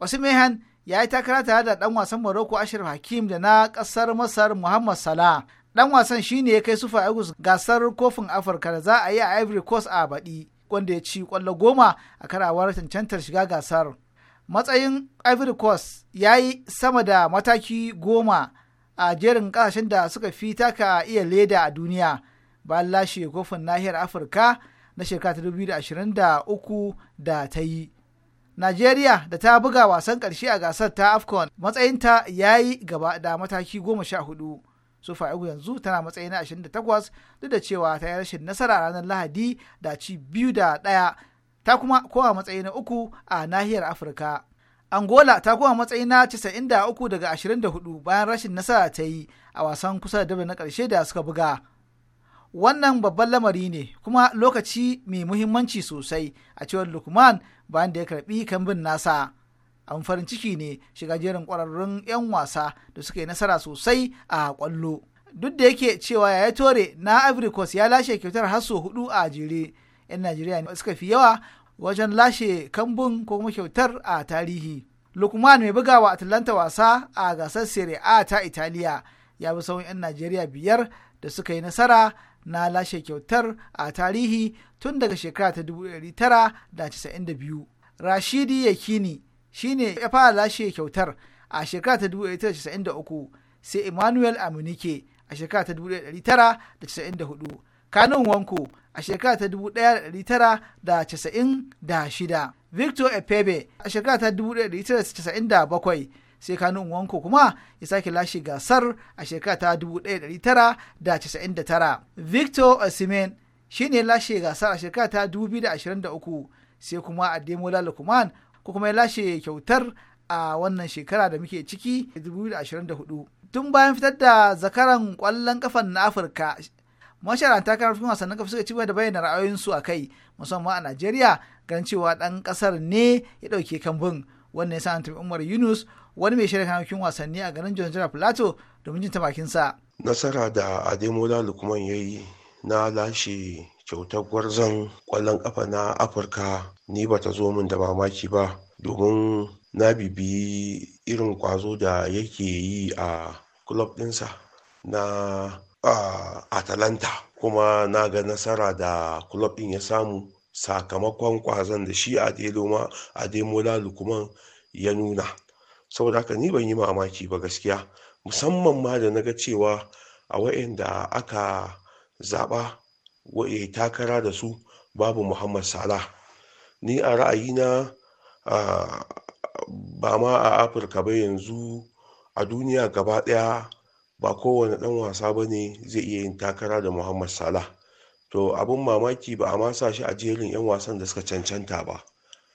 Osimhen ya yi takara tare da dan wasan Morocco Ashraf Hakim da na kasar Masar Muhammad Salah. Dan wasan shine ya kai Sufa Eagles gasar kofin Afirka da za a yi a Ivory Coast a baɗi. wanda ya ci kwallo goma a karawar cancantar shiga gasar matsayin ivory coast ya yi sama da mataki goma a jerin kasashen da suka fi taka iya leda a duniya bayan lashe kofin nahiyar afirka na shekara 2023 da ta yi Najeriya da ta buga wasan ƙarshe a gasar ta AFCON matsayinta ya yi gaba da mataki goma sha hudu. sufa fa'igu yanzu tana matsayi na 28 duk da cewa ta yi rashin nasara ranar lahadi da ci biyu da ɗaya ta kuma kowa matsayi na uku a nahiyar afirka angola ta kowa matsayi na 93 daga 24 bayan rashin nasara ta yi a wasan kusa da na ƙarshe da suka buga wannan babban lamari ne kuma lokaci mai muhimmanci sosai a cewar lukman bayan da ya karbi kambin nasa an farin ciki ne shiga jerin kwararrun 'yan wasa da suka yi nasara sosai a kwallo duk da yake cewa yaya tore na ivory coast ya lashe kyautar haso hudu a jere 'yan najeriya ne suka fi yawa wajen lashe kambun ko kuma kyautar a tarihi lukman mai bugawa atlanta wasa a gasar serie a ta italiya ya bi sauran 'yan najeriya biyar da suka yi nasara na lashe kyautar a tarihi tun daga shekara ta 1992 rashidi yakini shine ya fara lashe kyautar a shekara ta 1993 sai Emmanuel Amunike a shekara ta 1994 Kanun Wanko a shekara ta 1996 Victor Epebe a shekara ta 1997 sai Kanun Wanko kuma ya sake lashe gasar a shekara ta 1999 Victor Osimhen shine lashe gasar a shekara ta 2023 sai kuma Ademola Lukman ko kuma ya lashe kyautar a wannan shekara da muke ciki 2024 tun bayan fitar da zakaran kwallon kafan na afirka ta kara cikin wasannin kafa suka ci da bayyana ra'ayoyinsu a kai musamman a najeriya gan cewa dan kasar ne ya dauke kambun wannan ya yasa antum umar yunus wani mai shirin kanakin wasanni a garin john jira plateau domin jin ta bakinsa nasara da ademola lukman ya yi na lashe kyautar gwarzon ƙwallon ƙafa na afirka ni ba ta zo min da mamaki ba domin na bibi irin ƙwazo da yake yi a club ɗinsa na atalanta kuma na ga nasara da club ɗin ya samu sakamakon ƙwazon da shi a deloma a demola lukuman ya nuna saboda haka ni ban yi mamaki ba gaskiya musamman ma da na ga cewa a da aka zaɓa ya takara da su babu muhammad salah ni a ra'ayina ba ma a afirka ba yanzu a duniya gaba ɗaya ba kowane ɗan wasa ba ne zai iya yin takara da muhammad salah to abin mamaki ba a masa shi a jerin 'yan wasan da suka cancanta ba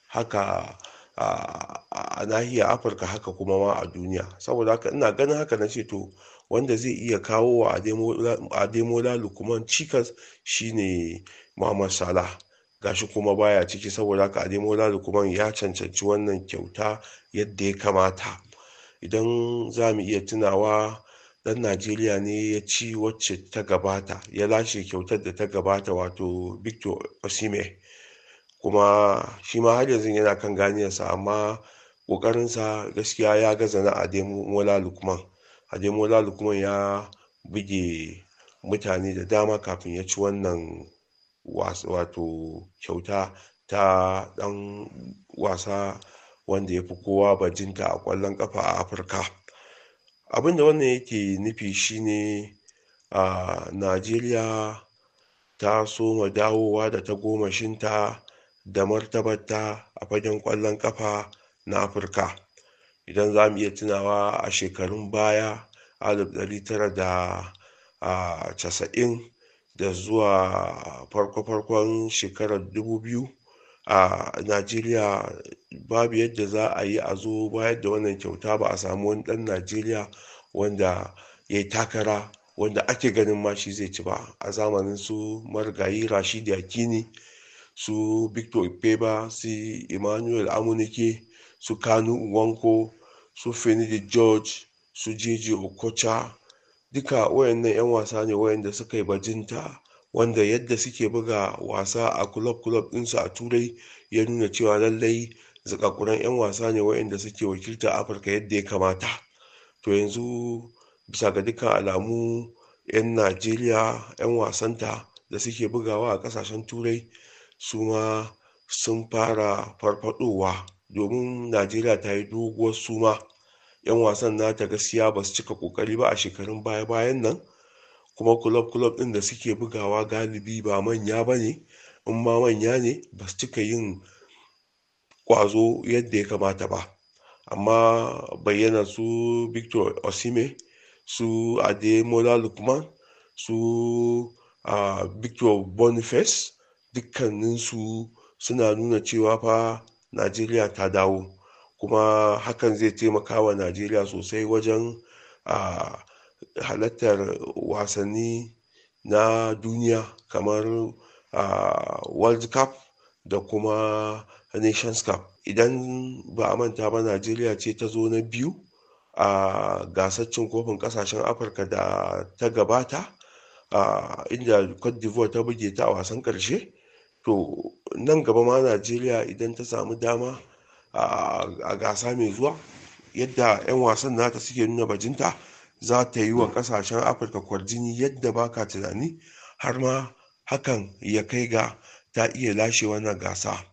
haka a nahiyar afirka haka kuma ma a duniya saboda haka ina ganin haka na ce to wanda zai iya kawo wa ademola lukman cikas shine muhammad salah gashi kuma baya ciki saboda haka ademola lalukuman ya cancanci wannan kyauta yadda ya kamata idan za mu iya tunawa dan najeriya ne ya ci wacce ta gabata ya lashe kyautar da ta gabata wato victor osimhen kuma shi ma har yanzu yana kan ganiyarsa amma ƙoƙarinsa gaskiya ya gaza na ademola lukman ademola kuma ya buge mutane da dama kafin ya ci wannan wato kyauta ta dan wasa wanda ya fi kowa bajinta a ƙwallon ƙafa a afirka abinda wannan yake nufi shine a najeriya ta soma dawowa da ta gomashinta da martabarta a fagen ƙwallon ƙafa na afirka idan za mu iya tunawa a shekarun baya alif ɗari tara da casa'in da zuwa farko-farkon shekarar dubu biyu a najeriya babu yadda za a yi a zo bayar da wannan kyauta ba a samu wani ɗan najeriya wanda ya yi takara wanda ake ganin ma shi zai ci ba a zamanin su marigayi rashid yakini su victor ikpeba su emmanuel amunike su kanu uwanko su Finidi George, su jeji Okocha, duka wayannan 'yan wasa ne wayanda suka yi bajinta wanda yadda suke buga wasa a kulob-kulob ɗinsu a turai ya nuna cewa lallai zakakuran 'yan wasa ne wayanda suke wakilta afirka yadda ya kamata to yanzu bisa ga dukkan alamu 'yan najeriya 'yan wasanta da suke bugawa a kasashen turai su ma sun fara farfadowa domin najeriya ta yi doguwar suma 'yan wasan nata gaskiya ba su cika kokari ba a shekarun baya-bayan nan kuma kulob-kulob din da suke bugawa galibi ba manya ba ne in ma manya ne ba su cika yin kwazo yadda ya kamata ba amma bayyana su victor osime su ademola lukman su a victor boniface dukkaninsu suna nuna cewa fa najeriya ta dawo kuma hakan zai taimaka wa najeriya sosai wajen a halattar wasanni na duniya kamar a world cup da kuma nations cup idan ba a manta ba najeriya ce ta zo na biyu a gasar cin kofin kasashen afirka da ta gabata a inda cote d'ivoire ta buge ta a wasan ƙarshe. to nan gaba ma najeriya idan ta samu dama a gasa mai zuwa yadda 'yan wasan nata suke nuna bajinta za ta yi wa kasashen afirka kwarjini yadda baka tunani har ma hakan ya kai ga ta iya lashe wannan gasa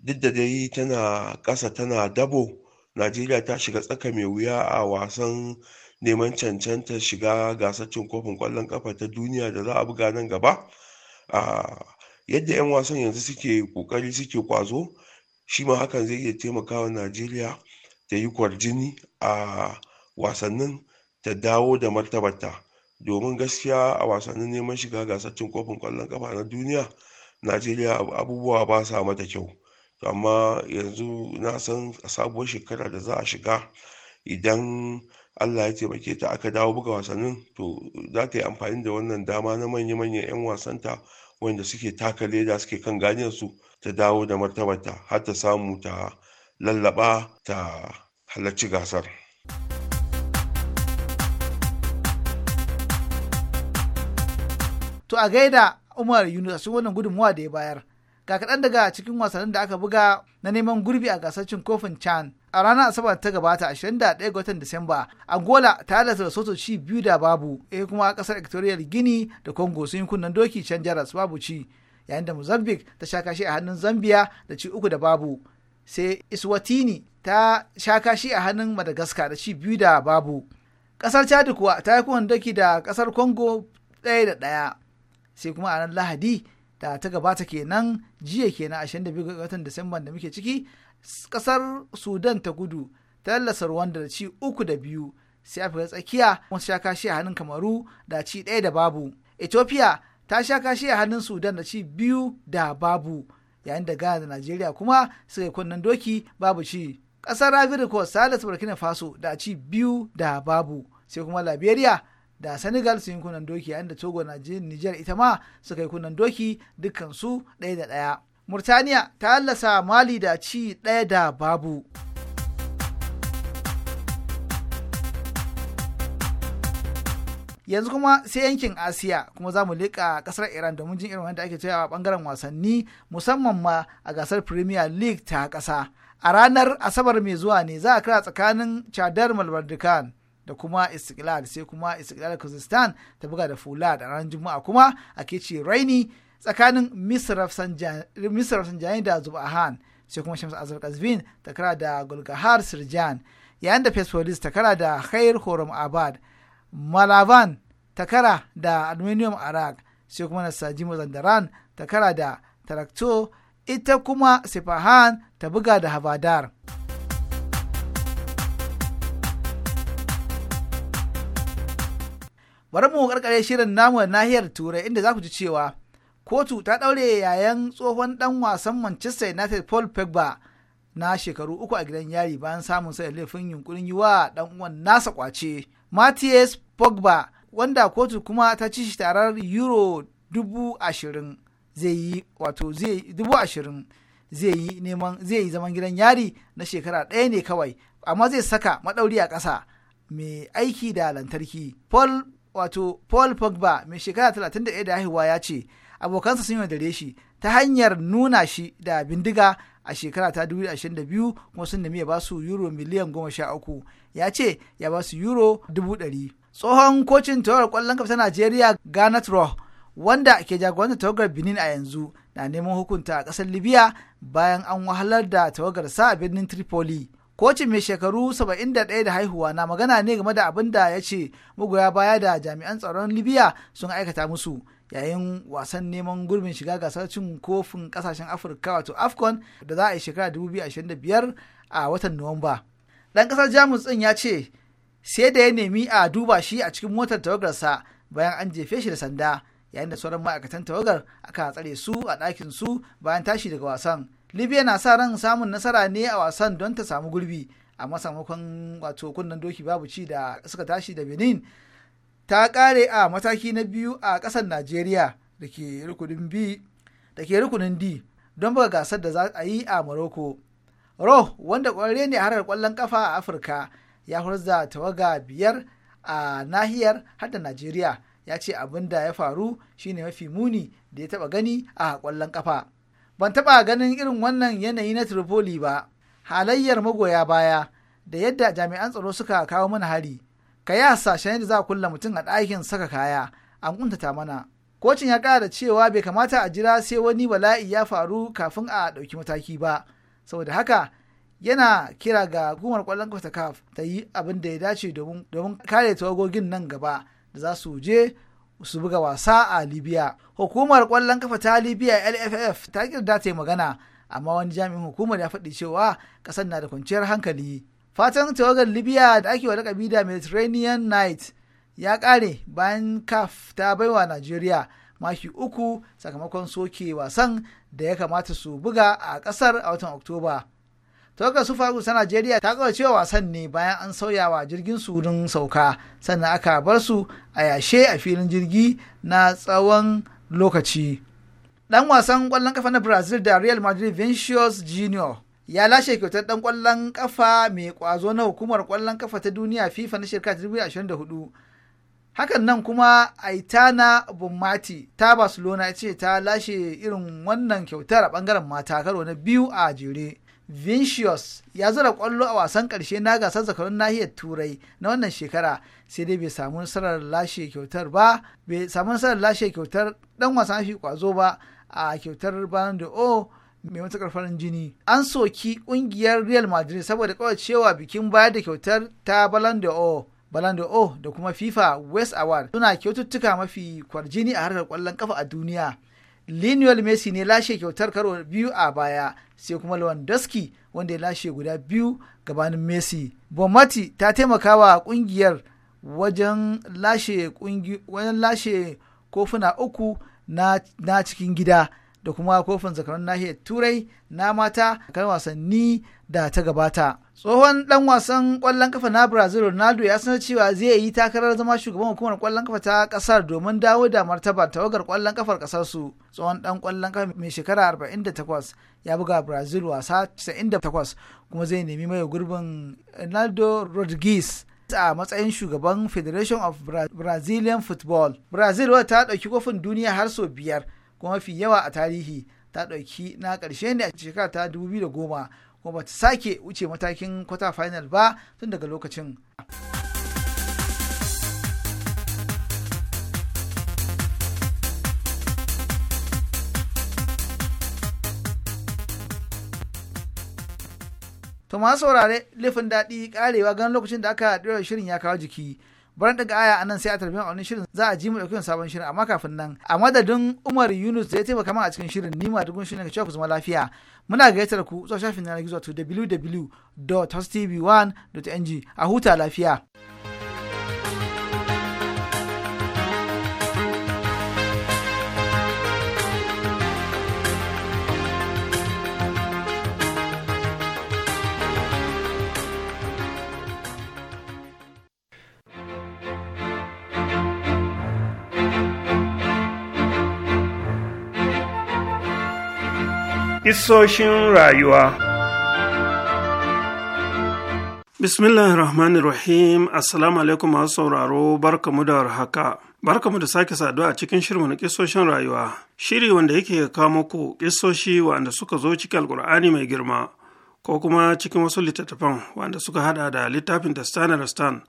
duk da dai tana ƙasa tana dabo najeriya ta shiga tsaka mai wuya a wasan neman cancanta shiga gasar cin kofin ƙwallon ƙafa ta duniya da za a buga nan gaba yadda 'yan wasan yanzu suke ƙoƙari suke kwazo shi ma hakan zai iya taimakawa najeriya ta yi kwarjini a wasannin ta dawo da martabarta domin gaskiya a wasannin neman shiga gasar cin kofin kwallon kafa na duniya najeriya abubuwa ba sa mata kyau amma yanzu na san a sabuwar shekara da za a shiga idan allah ya taimake ta aka dawo buga wasannin to za ta yi amfani da wannan dama na manya-manyan 'yan wasanta wanda suke taka leda suke kan ganiyar su ta dawo da martabarta har ta samu ta lallaba ta halarci gasar. To a gaida Umar Yunus a wannan gudunmuwa da ya bayar. Ga kaɗan daga cikin wasannin da aka buga na neman gurbi a gasar cin kofin Chan a ranar Asabar ta gabata 21 ga watan Disamba, Angola ta da Lesotho ci biyu da babu, eh kuma kasar Equatorial Guinea da Congo sun yi kunnen doki can jaras babu ci. yayin da mozambique ta sha kashi a hannun zambia da ci uku da babu sai iswatini ta sha kashi a hannun madagascar da ci biyu da babu kasar chad kuwa ta yi kuwan daki da kasar congo ɗaya da ɗaya sai kuma a nan lahadi da ta gabata kenan jiya kenan 22 ga watan disamban da muke ciki kasar sudan ta gudu ta lallasa rwanda da ci uku da biyu sai afirka tsakiya kuma sha kashi a hannun kamaru da ci ɗaya da babu ethiopia ta sha kashi a hannun sudan da ci biyu da babu yayin da ghana da najeriya kuma suka yi kunnen doki babu ci ƙasar ivory coast ta halasta burkina faso da ci biyu da babu sai kuma liberia da senegal sun yi kunnen doki yayin da togo da niger ita ma suka yi kunnen doki dukkansu ɗaya da ɗaya murtaniya ta hallasa mali da ci ɗaya da babu. yanzu kuma sai yankin asiya kuma za mu leƙa ƙasar iran domin jin irin wanda ake cewa a ɓangaren wasanni musamman ma a gasar premier league ta ƙasa a ranar asabar mai zuwa ne za a kira tsakanin chadar malbardikan da kuma istiklal sai kuma istiklal kazakhstan ta buga da fulad a ranar juma'a kuma a ke ce raini tsakanin san sanjani da zubahan sai kuma shamsu azar kazvin ta kara da gulgahar sirjan yayin da fesfolis ta kara da khair horam abad malavan takara da aluminium arak sai kuma nasajimo zandaran takara da tarakto ita kuma sifahan ta buga da habadar. bari mu karkare shirin namu nahiyar turai inda za ku ji cewa kotu ta daure yayan tsohon dan wasan manchester united paul pogba na shekaru uku a gidan yari bayan samun sai laifin yunkurin yi wa ɗan uwan nasa kwace Matthias Pogba wanda kotu kuma ta ci shi tarar euro dubu ashirin zai yi neman zai yi zaman gidan yari na shekara ɗaya ne kawai amma zai saka maɗauri a ƙasa mai aiki da lantarki paul wato paul pogba mai shekara 31 da haihuwa ya ce abokansa sun yaudare shi ta hanyar nuna shi da bindiga a shekara ta 2022 kuma sun nemi ya ba su euro miliyan 13 ya ce ya ba su euro dubu dari. Tsohon kocin tawar kwallon kafa ta Najeriya Garnet Roh wanda ke jagorantar tawagar Benin a yanzu na neman hukunta a kasar Libya bayan an wahalar da tawagar sa a birnin Tripoli. Kocin mai shekaru 71 da haihuwa na magana ne game da abin da ya ce magoya baya da jami'an tsaron Libya sun aikata musu. yayin wasan neman gurbin shiga gasar cin kofin kasashen afirka wato afcon da za a yi shekara 2025 a watan nuwamba ɗan ƙasar jamus ɗin ya ce sai da ya nemi a duba shi a cikin motar tawagarsa bayan an jefe shi da sanda yayin da sauran ma'aikatan tawagar aka tsare su a ɗakin su bayan tashi daga wasan libya na sa ran samun nasara ne a wasan don ta samu gurbi a samakon wato kunnen doki babu ci da suka tashi da benin ta kare a mataki na biyu a ƙasar najeriya da ke rukunin d don buga gasar da za a yi a morocco roh wanda kwararre ne a harar kwallon kafa a afirka ya hurza tawaga biyar a nahiyar har da najeriya ya ce abin da ya faru shine mafi muni da ya taba gani a kwallon kafa ban taba ganin irin wannan yanayi na tripoli ba halayyar magoya baya da yadda jami'an tsaro suka kawo mana hari ka yi hasashen yadda za a kulla mutum a ɗakin saka kaya an kuntata mana kocin ya kara da cewa bai kamata a jira sai wani bala'i ya faru kafin a ɗauki mataki ba saboda haka yana kira ga hukumar kwallon kafa caf ta yi abin da ya dace domin kare tawagogin nan gaba da za su je su buga wasa a libya hukumar kwallon kafa ta libya lff ta kirda ta yi magana amma wani jami'in hukumar ya faɗi cewa ƙasar na da kwanciyar hankali fatan tawagar libya da ake wa kabi da mediterranean night ya ƙare bayan kaf ta baiwa nigeria. maki uku sakamakon soke wasan da ya kamata su buga a ƙasar a watan oktoba Tokar su faru ta najeriya ta kawo cewa wasan ne bayan an sauya wa jirgin su wurin sauka sannan aka bar su a yashe a filin jirgi na tsawon lokaci dan wasan kwallon kafa na brazil da real madrid vincius junior ya lashe kyautar dan kwallon kafa mai kwazo na hukumar kwallon kafa ta duniya fifa na shirka 2024 hakan nan kuma aitana bummati ta barcelona ce ta lashe irin wannan kyautar a bangaren mata karo na biyu a jere vincius ya zura kwallo a wasan karshe na gasar zakarun nahiyar turai na wannan shekara sai dai bai samu nasarar lashe kyautar ba bai samu nasarar lashe kyautar dan wasa mafi kwazo ba a kyautar ballon d'or mai matuƙar farin jini an soki ƙungiyar real madrid saboda kawai cewa bikin bayar da kyautar ta ballon d'or balando O da kuma FIFA West Award suna kyaututtuka mafi kwarjini a harkar kwallon kafa a duniya. Lionel Messi ne lashe kyautar karo biyu a baya sai kuma Lewandowski wanda ya lashe guda biyu gabanin Messi. Bomati ta taimaka wa kungiyar wajen lashe kofuna uku na cikin gida. da kuma kofin zakarun nahiyar turai na mata a wasanni da ta gabata tsohon dan wasan kwallon kafa na brazil ronaldo ya sanar cewa zai yi takarar zama shugaban hukumar kwallon kafa ta kasar domin dawo da martaba tawagar kwallon kafar kasar su tsohon dan kwallon kafa mai shekara 48 ya buga brazil wasa 98 kuma zai nemi mai gurbin ronaldo rodriguez a matsayin shugaban federation of brazilian football brazil wata ta ɗauki kofin duniya har sau biyar kuma mafi yawa a tarihi ta ɗauki na ƙarshe ne a shekara ta 2010 kuma ba ta sake wuce matakin kwata final ba tun daga lokacin. To masu saurare laifin daɗi ƙarewa ganin lokacin da aka ɗora shirin ya kawo jiki baran daga aya nan sai a tarbiyyar wani shirin za a ji mu ɗauki sabon shirin amma kafin nan a madadin umar yunus da ya taimaka min a cikin shirin ni ma dugun shirin ka cewa ku zama lafiya muna gayyatar ku zuwa shafin yanar gizo to www.hostv1.ng a huta lafiya. Isoshin rayuwa Bismillah rahmanir rahim Assalamu alaikum masu sauraro barkamu da warhaka. Barkamu da sake saduwa a cikin shirmu na kisoshin rayuwa, shiri wanda yake kawo muku kisoshi wanda suka zo cikin alkur'ani mai girma, ko kuma cikin wasu littattafan wanda suka hada da littafin da stan stan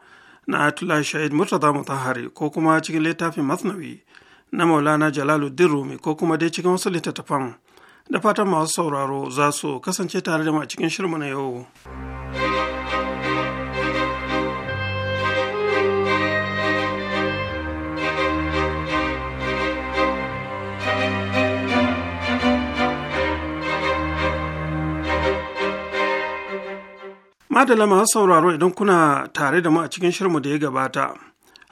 na Atula Shahid Murtaza Mutahari ko kuma cikin littafin Masnawi na Maulana Jalaluddin Rumi ko kuma dai cikin wasu littattafan da fatan masu sauraro za su kasance tare da mu a cikin shirma na yau. Madala masu sauraro idan kuna tare da mu a cikin shirmu da ya gabata,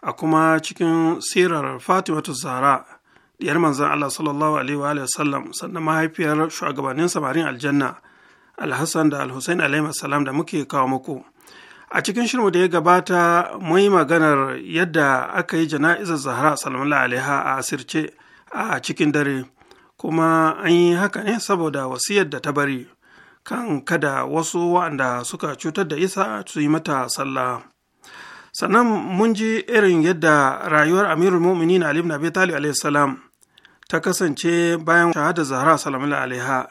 a kuma cikin sirar Fatimatu Zahra. diyar manzan Allah sallallahu alaihi wa sallam sannan mahaifiyar shugabannin samarin aljanna alhassan da alhussein alaihi salam da muke kawo muku a cikin shirmu da ya gabata mun yi maganar yadda aka yi jana'izar zahra sallallahu alaiha a asirce a cikin dare kuma an yi haka ne saboda wasiyar da ta bari kan kada wasu waɗanda suka cutar da isa su yi mata sallah sannan mun ji irin yadda rayuwar amirul mu'minin ali ibn abi talib alaihi salam ta kasance bayan shahada zahra salamu alaiha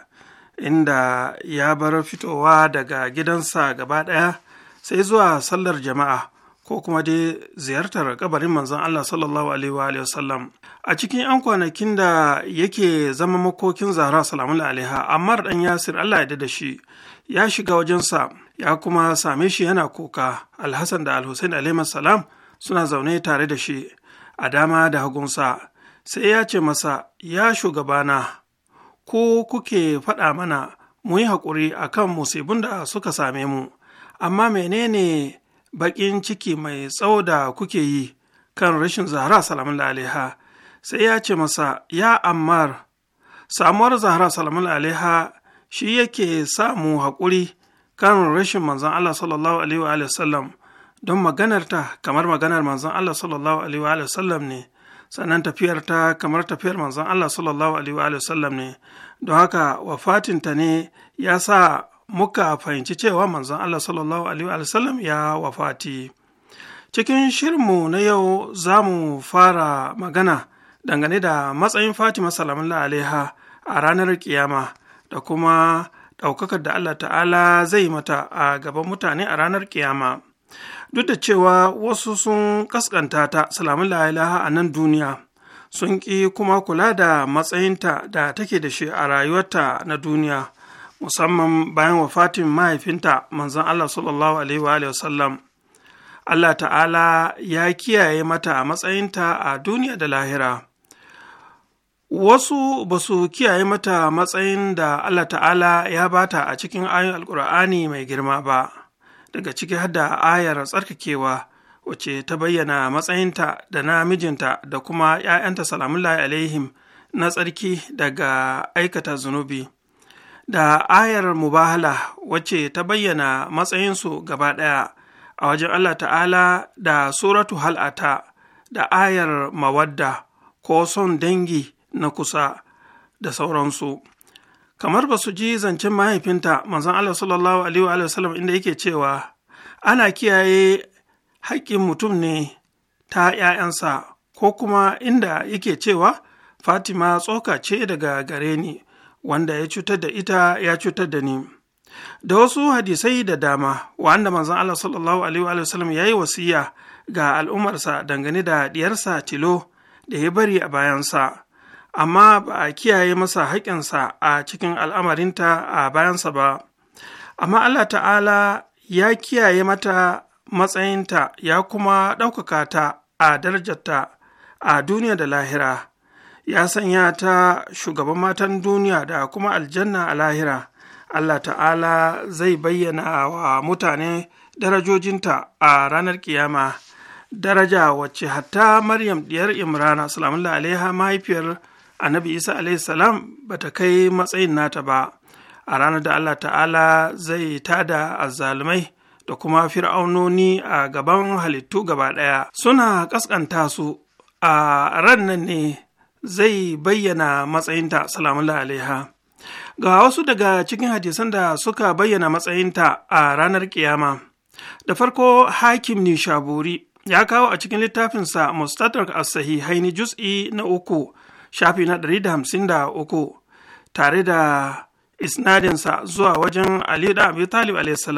inda ya bar fitowa daga gidansa gaba ɗaya sai zuwa sallar jama'a ko kuma dai ziyartar kabarin manzon Allah sallallahu alaihi wa sallam a cikin 'yan kwanakin da yake zama makokin zahra salamu alaiha ammar dan yasir Allah ya da shi ya shiga wajensa ya kuma same shi yana kuka alhassan da alhussein alaihi salam suna zaune tare da shi a dama da hagunsa sai ya ce masa, Ya shugabana, ko kuke faɗa mana mu yi haƙuri a kan musibin da suka same mu, amma menene baƙin ciki mai tsawo da kuke yi kan rashin Zahra salamun alaiha sai ya ce masa, Ya Ammar, samuwar Zahra salamun alaiha shi yake samu haƙuri kan rashin manzon Allah sallallahu alaihi wa sallam don maganarta kamar maganar manzon Allah sallallahu alaihi wa sallam ne. sannan tafiyar ta kamar tafiyar manzon Allah sallallahu alaihi wa sallam ne don haka wafatinta ne ya sa muka fahimci cewa manzon Allah sallallahu alaihi wa sallam ya wafati cikin shirinmu na yau za mu fara magana dangane da matsayin Fatima Salamun alaiha a ranar kiyama da kuma ɗaukakar da Allah ta'ala zai mata a gaban mutane a ranar kiyama duk da cewa wasu sun kaskanta ta salamun la'ilaha a nan duniya sun ƙi kuma kula da matsayinta da take da shi a rayuwarta na duniya musamman bayan wafatin mahaifinta manzon Allah sallallahu alaihi wa Allah ta'ala ya kiyaye mata a matsayinta a duniya da lahira wasu ba su kiyaye mata matsayin da Allah ta'ala ya bata a cikin ayin alkur'ani mai girma ba daga ciki hada ayar tsarkakewa wace ta bayyana matsayinta da na mijinta da kuma ‘ya'yanta salamullahi alaihim na tsarki daga aikata zunubi, da ayar mubahala wace ta bayyana matsayinsu gaba ɗaya a wajen Allah ta'ala da suratu hal'ata da ayar mawadda ko son dangi na kusa da sauransu. kamar ba su ji zancen mahaifinta manzon Allah sallallahu alaihi wa sallam inda yake cewa ana kiyaye haƙƙin mutum ne ta ‘ya'yansa ko kuma inda yake cewa Fatima tsoka ce daga gare ni wanda ya cutar da ita ya cutar da ni. Da wasu hadisai da dama wanda manzon Allah sallallahu alaihi wa sallam ya yi wasiya ga al'ummarsa dangane da diyarsa tilo da ya bari a bayansa. amma ba a kiyaye masa haƙƙinsa a cikin al'amarinta a bayansa ba amma allah ta'ala ya kiyaye mata matsayinta ya kuma ɗaukaka ta a darajarta a duniya da lahira ya sanya ta shugaban matan duniya da kuma aljanna a lahira allah ta'ala zai bayyana wa mutane darajojinta a ranar kiyama daraja wacce hatta maryam diyar imrana salamun alaiha mahaifiyar annabi isa salam ba ta kai matsayin nata ba a ranar da allah ta'ala zai tada azzalumai da kuma fir'aunoni a gaban halittu gaba ɗaya suna ƙasƙanta su a ran nan ne zai bayyana matsayinta salamullah alaiha ga wasu daga cikin hadisan da suka bayyana matsayinta a ranar kiyama da farko hakim nishaburi ya kawo a cikin littafinsa mustatar as-sahihaini juz'i na uku shafi na 153 tare da isnadinsa zuwa wajen Aliyu da Abi Talib a.s.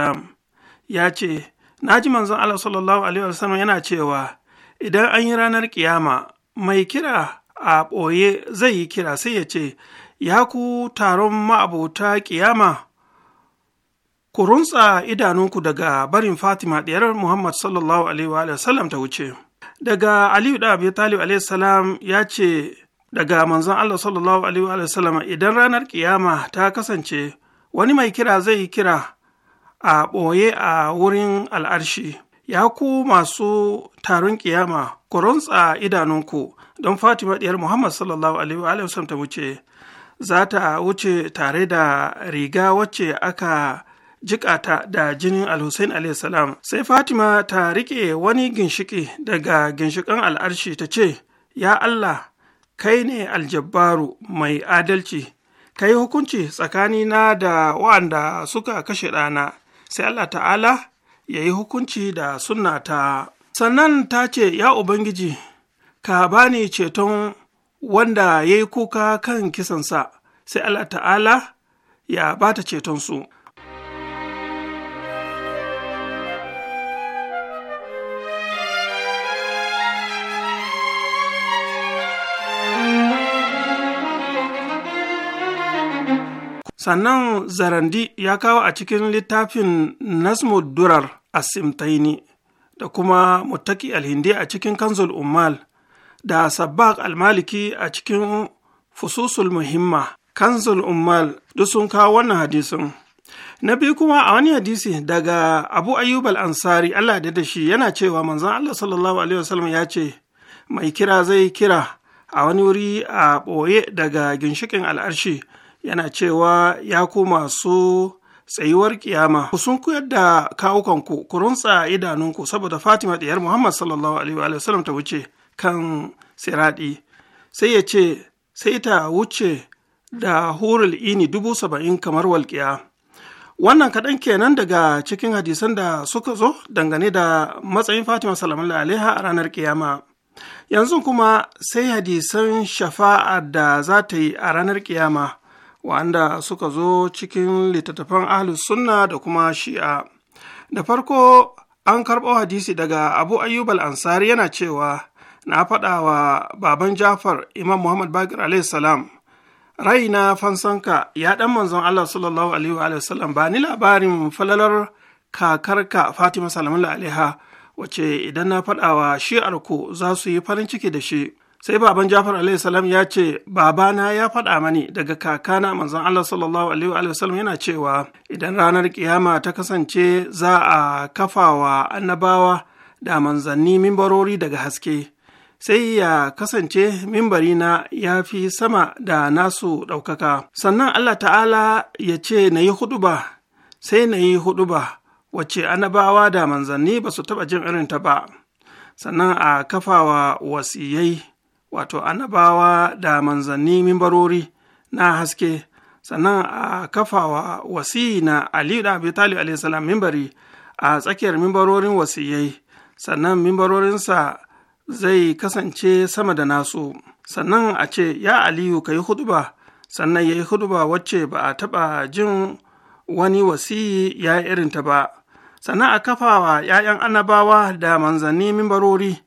ya ce na ji manzon Allah sallallahu alaihi wasallam yana cewa idan an yi ranar kiyama mai kira a ɓoye zai yi kira sai ya ce ya ku taron ma'abota kiyama ku runtsa idanunku daga barin Fatima ɗiyar Muhammad sallallahu alaihi wasallam ta wuce daga Aliyu da abu Talib a.s. ya ce daga manzon Allah sallallahu alaihi wa idan ranar kiyama ta kasance wani mai kira zai kira a ɓoye a wurin al'arshi ya ku masu taron kiyama ku runtsa idanunku don fatima ɗiyar muhammad sallallahu alaihi wa ta wuce za ta wuce tare da riga wacce aka jikata da jinin alhussein salam sai fatima ta riƙe wani ginshiki daga ginshikan al'arshi ta ce ya allah kai ne aljabbaru mai adalci ka yi hukunci tsakanina da waɗanda suka kashe ɗana sai allah ta'ala ya yi hukunci da sunnata sannan ta ce ya ubangiji ka bani ceton wanda ya yi kuka kan kisansa sai allah ta'ala ya bata cetonsu sannan zarandi ya kawo a cikin littafin nasmud durar asimtaini da kuma mutaki alhindi a cikin kanzul ummal da sabbak almaliki a cikin fususul muhimma kanzul ummal duk sun kawo wannan hadisin na biyu kuma a wani hadisi daga abu ayyub al-ansari allah da da shi yana cewa manzon allah sallallahu alaihi wasallam ya ce mai kira zai kira a wani wuri a ɓoye daga ginshikin al'arshi yana cewa ya ku su tsayuwar kiyama ku sun koyar da kawukanku ku runtsa idanunku saboda fatima ɗiyar muhammad sallallahu alaihi wa sallam ta wuce kan siraɗi sai ya ce sai ta wuce da hurul ini dubu saba'in kamar walƙiya wannan kaɗan kenan daga cikin hadisan da suka zo dangane da matsayin fatima sallallahu alaiha a ranar kiyama yanzu kuma sai hadisan shafa'a da za ta yi a ranar kiyama wanda suka zo cikin littattafan ahlus sunna da kuma shi'a da farko an karɓo hadisi daga abu ayyub al-ansari yana cewa na faɗa wa baban jafar imam muhammad bakir salam rai na fansanka ya ɗan manzon allah sallallahu alaihi wa sallam ba ni labarin falalar kakarka fatima salamun alaiha wace idan na faɗawa wa shi'arku za su yi farin ciki da shi sai baban jafar salam ya ce babana ya faɗa mani daga kakana manzon allah sallallahu alaihi sallam yana cewa idan ranar kiyama ta kasance za a kafa wa annabawa da manzanni mimbarori daga haske sai ya kasance mimbari na ya fi sama da nasu ɗaukaka sannan allah ta'ala ya ce na yi ba, sai na yi ba, wacce annabawa da manzanni ba su taɓa jin irinta ba sannan a kafawa wasiyai wato annabawa da manzanni mimbarori na haske sannan a kafawa wasiyi na aliyu da abi talib alaihissalam mimbari a tsakiyar mimbarorin wasiyai sannan mimbarorinsa zai kasance sama da nasu sannan a ce ya aliyu ka yi huduba sannan ya yi huduba wacce ba a taba jin wani wasiyi ya irinta ba sannan a kafawa ‘ya'yan annabawa da manzanni mimbarori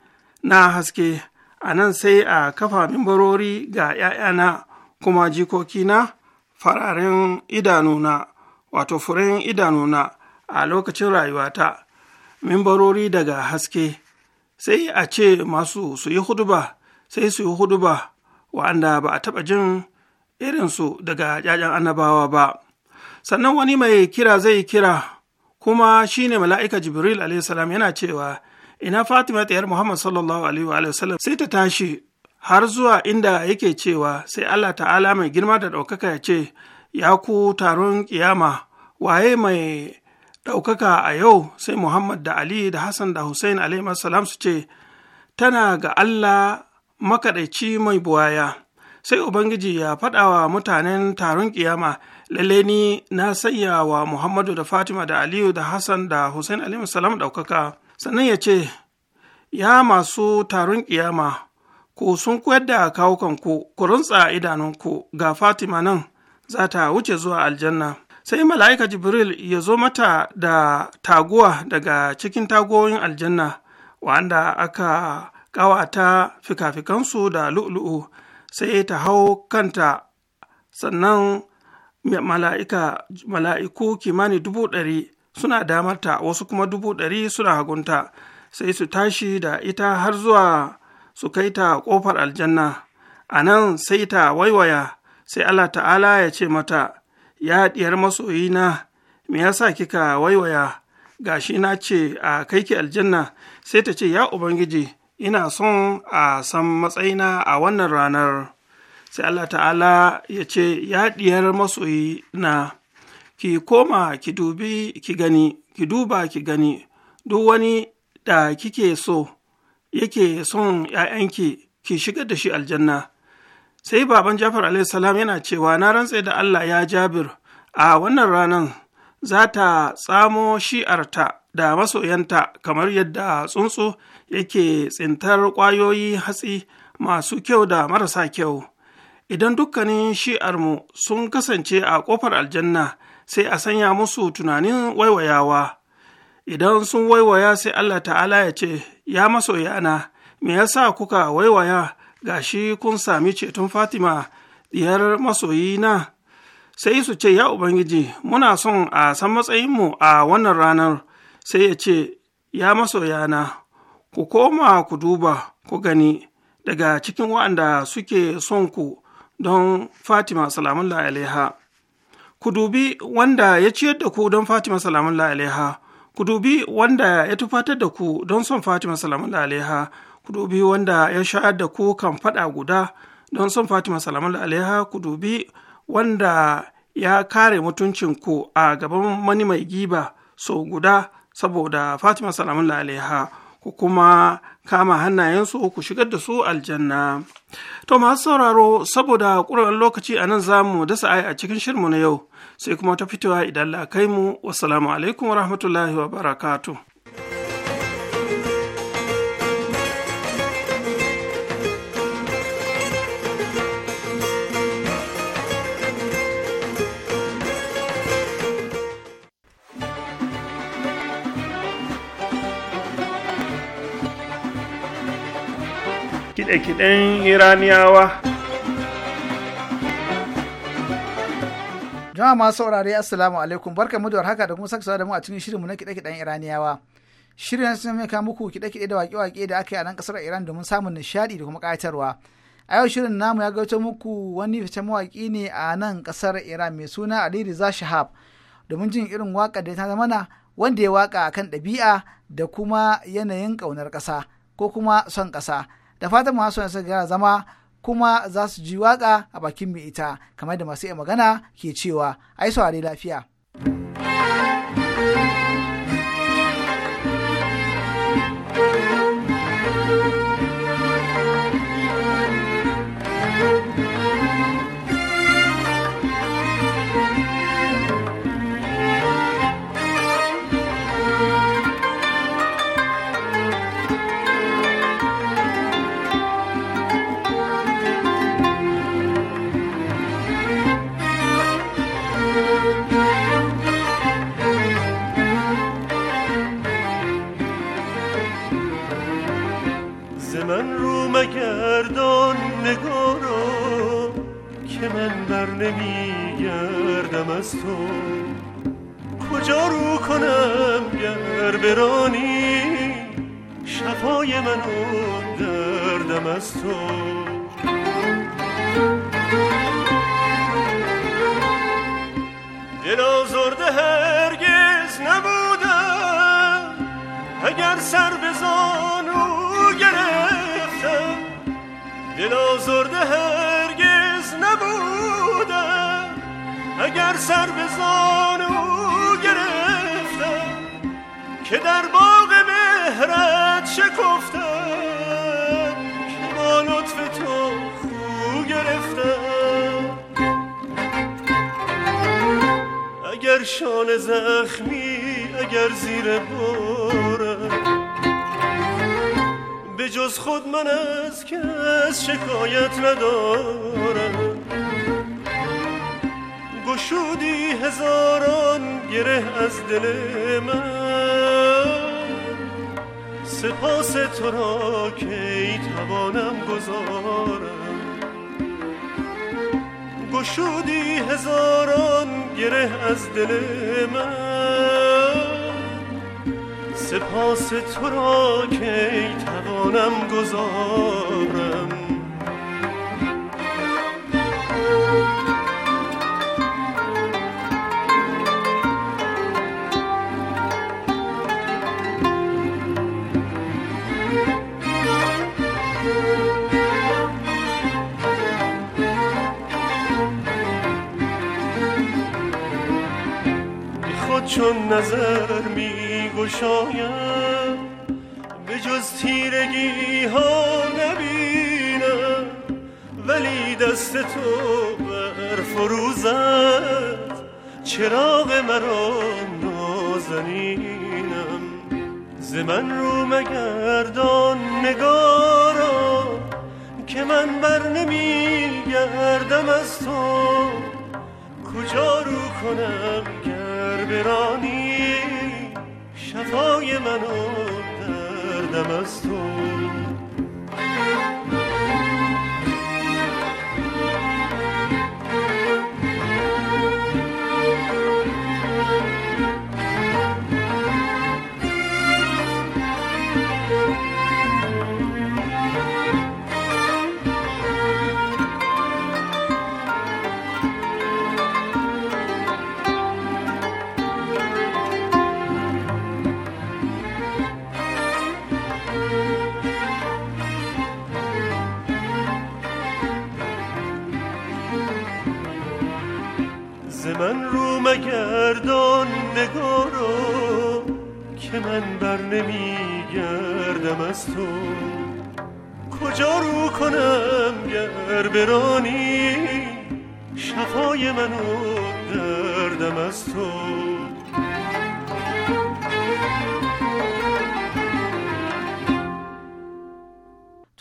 na haske a nan sai a kafa mimbarori ga ‘ya'yana kuma jikokina fararen idanuna wato furen idanuna a lokacin rayuwata mimbarori daga haske sai a ce masu su yi huduba sai su yi huduba wa'anda ba a taɓa jin irinsu daga ‘ya'yan annabawa ba sannan wani mai kira zai kira kuma shine mala'ika jibril salam yana cewa ina fatima ta yar muhammad sallallahu alaihi wa sallam sai ta tashi har zuwa inda yake cewa sai allah ta'ala mai girma da ɗaukaka ya ce ya ku taron kiyama waye mai ɗaukaka a yau sai muhammad da ali da hassan da hussein alaihi salam su ce tana ga allah makaɗaici mai buwaya sai ubangiji ya faɗa wa mutanen taron kiyama lalle ni na sanya wa muhammadu da fatima da aliyu da hassan da hussein alaihi salam ɗaukaka sannan ya ce ya masu taron ƙiyama ku sun koyar da kawukanku ku runtsa idanunku ga fatima nan za ta wuce zuwa aljanna sai mala'ika jibril ya zo mata da taguwa daga cikin tagoyin aljanna wanda aka ƙawata fikafikansu da lu'lu'u sai ta hau kanta sannan mala'iku kimanin dubu ɗari suna damarta wasu kuma dubu ɗari suna hagunta sai su tashi da ita har zuwa su kai ta ƙofar aljanna a nan sai ta waiwaya sai allah ta'ala ya ce mata ya diyar masoyina me yasa kika waiwaya gashi na ce a kai ki aljanna sai ta ce ya ubangiji ina son a san matsayina a wannan ranar sai allah ta'ala ya ce ya diyar masoyina ki koma ki dubi ki gani ki duba ki gani duk wani da kike so yake son ‘ya'yanki ki shigar da shi aljanna sai baban jafar salam yana cewa na rantse da allah ya jabir a wannan ranar za ta tsamo shi'arta da masoyanta kamar yadda tsuntsu yake tsintar ƙwayoyi hatsi masu kyau da marasa kyau idan dukkanin shi'armu sun kasance a ƙofar aljanna sai a sanya musu tunanin waiwayawa idan sun waiwaya sai Allah ta'ala ya ce ya masoyana me yasa kuka waiwaya gashi kun sami ceton Fatima diyar na? sai su ce ya Ubangiji muna son a san matsayinmu a wannan ranar sai ya ce ya masoyana ku koma ku duba ku gani daga cikin wa'anda suke son ku don Fatima salamun alaiha. ku dubi wanda ya ciyar da ku don fatima Salamun alaiha ku dubi wanda ya tufatar da ku don son fatima Salamun alaiha ku dubi wanda ya shayar da ku kan fada guda don son fatima Salamun alaiha ku dubi wanda ya kare mutuncinku a gaban mani mai giba so guda saboda fatima Salamun alaiha ku kuma kama hannayensu ku shigar da su aljanna to masu sauraro saboda ƙuran lokaci a nan za mu dasa ai a cikin shirmu na yau sai kuma ta fitowa idan la kai mu wasalamu alaikum wa rahmatullahi wa barakatu. Kiɗe-kiɗen Iraniyawa Jama'a masu saurare Assalamu alaikum barka mu da warhaka da kuma sake da mu a cikin shirinmu na kiɗe-kiɗen Iraniyawa. Shirin sun mai kawo muku kiɗe-kiɗe da waƙe-waƙe da aka yi a nan ƙasar Iran domin samun nishadi da kuma ƙayatarwa. A yau shirin namu ya gaito muku wani fitan mawaƙi ne a nan ƙasar Iran mai suna Ali Riza Shahab domin jin irin waƙa da ta zamana wanda ya waƙa akan ɗabi'a da kuma yanayin ƙaunar ƙasa ko kuma son ƙasa. Da fatan masu sun gara zama kuma za su ji waƙa a bakin mai ita kamar da masu iya magana ke cewa ai saurari lafiya. نمیگردم از تو کجا رو کنم گر برانی شفای من و دردم از تو دل آزرده هرگز نبودم اگر سر به زانو گرفتم دل آزرده هرگز نبودم اگر سر به زان او گرفتم که در باغ مهرت شکفتم که با لطف تو خو گرفتم اگر شان زخمی اگر زیر بارم به جز خود من از کس شکایت ندارم گشودی هزاران گره از دل من سپاس تو را ای توانم گذارم گشودی هزاران گره از دل من سپاس تو را ای توانم گذارم چون نظر می گشایم به جز تیرگی ها نبینم ولی دست تو بر فروزد چراغ مرا نازنینم ز من رو مگردان نگارا که من بر نمی گردم از تو کجا رو کنم برانی شفای منو دردم از تو نمی گردم از تو کجا رو کنم گر برانی شفای منو دردم از تو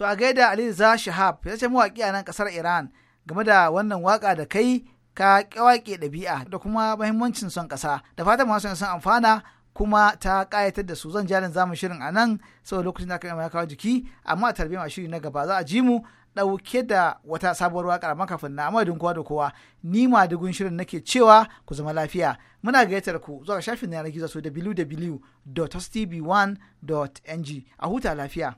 To a gaida Aliza Shahab ya ce mawaƙi a nan ƙasar Iran game da wannan waƙa da kai ka ƙyawaƙe ɗabi'a da kuma mahimmancin son ƙasa da fatan masu sun amfana kuma ta ƙayatar da su zan jarin zamu shirin a nan saboda lokacin da aka yi kawo jiki amma a tarbiyyar shiri na gaba za a ji mu ɗauke da wata sabuwar waƙar amma kafin na amma kowa da kowa ni ma dugun shirin nake cewa ku zama lafiya muna gayyatar ku zuwa shafin na yanar gizo www.hostv1.ng a huta lafiya.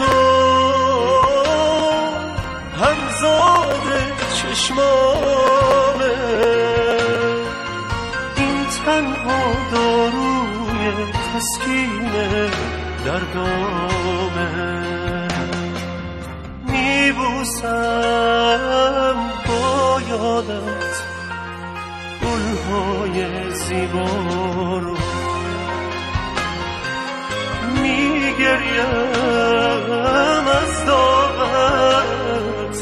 تو زاد چشمامه این تنها داروی تسکین دردامه میبوسم با یادت گلهای زیبا رو گریم از داغت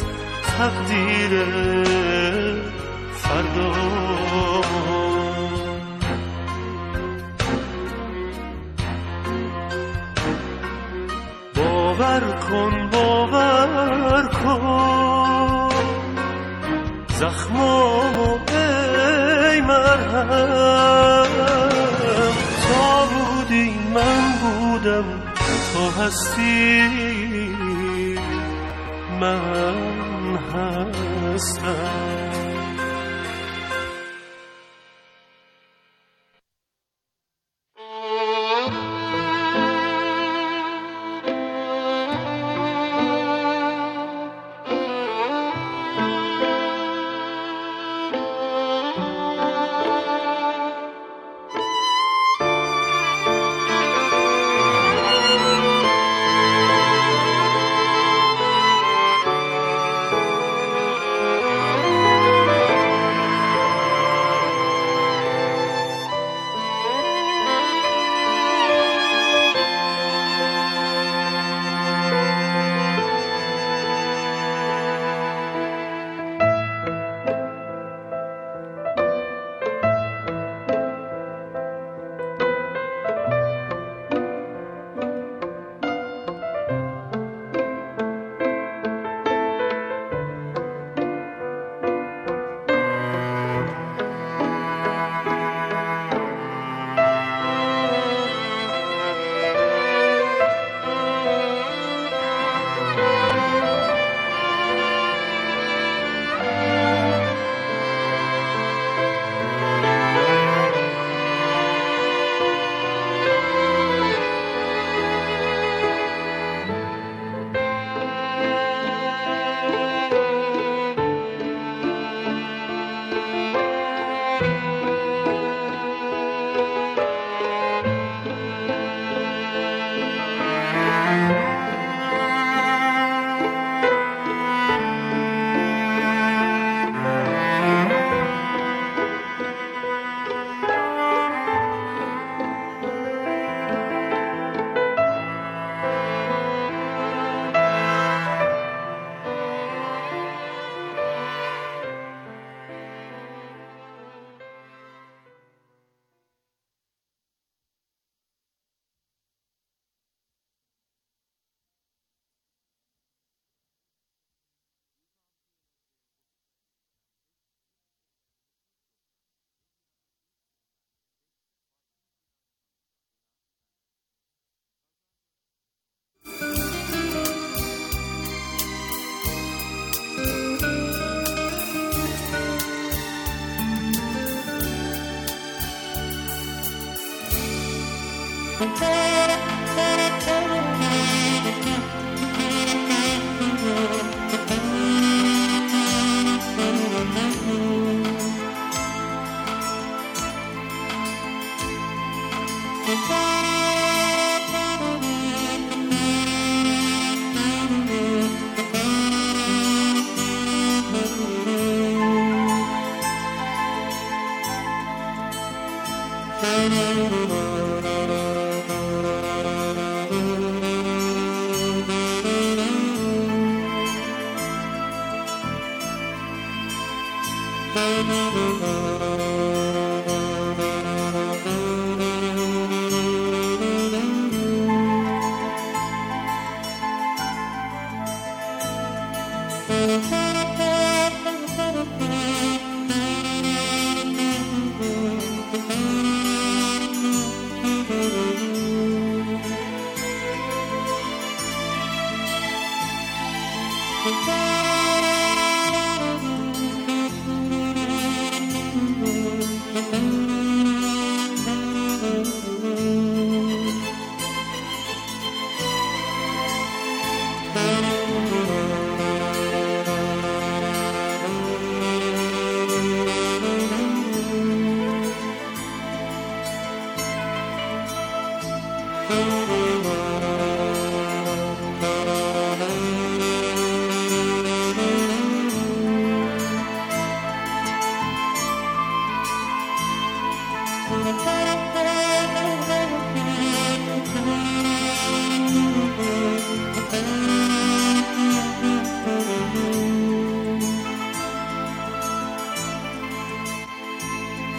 تقدیر فردا باور کن باور کن زخمامو ای مرهم هستی من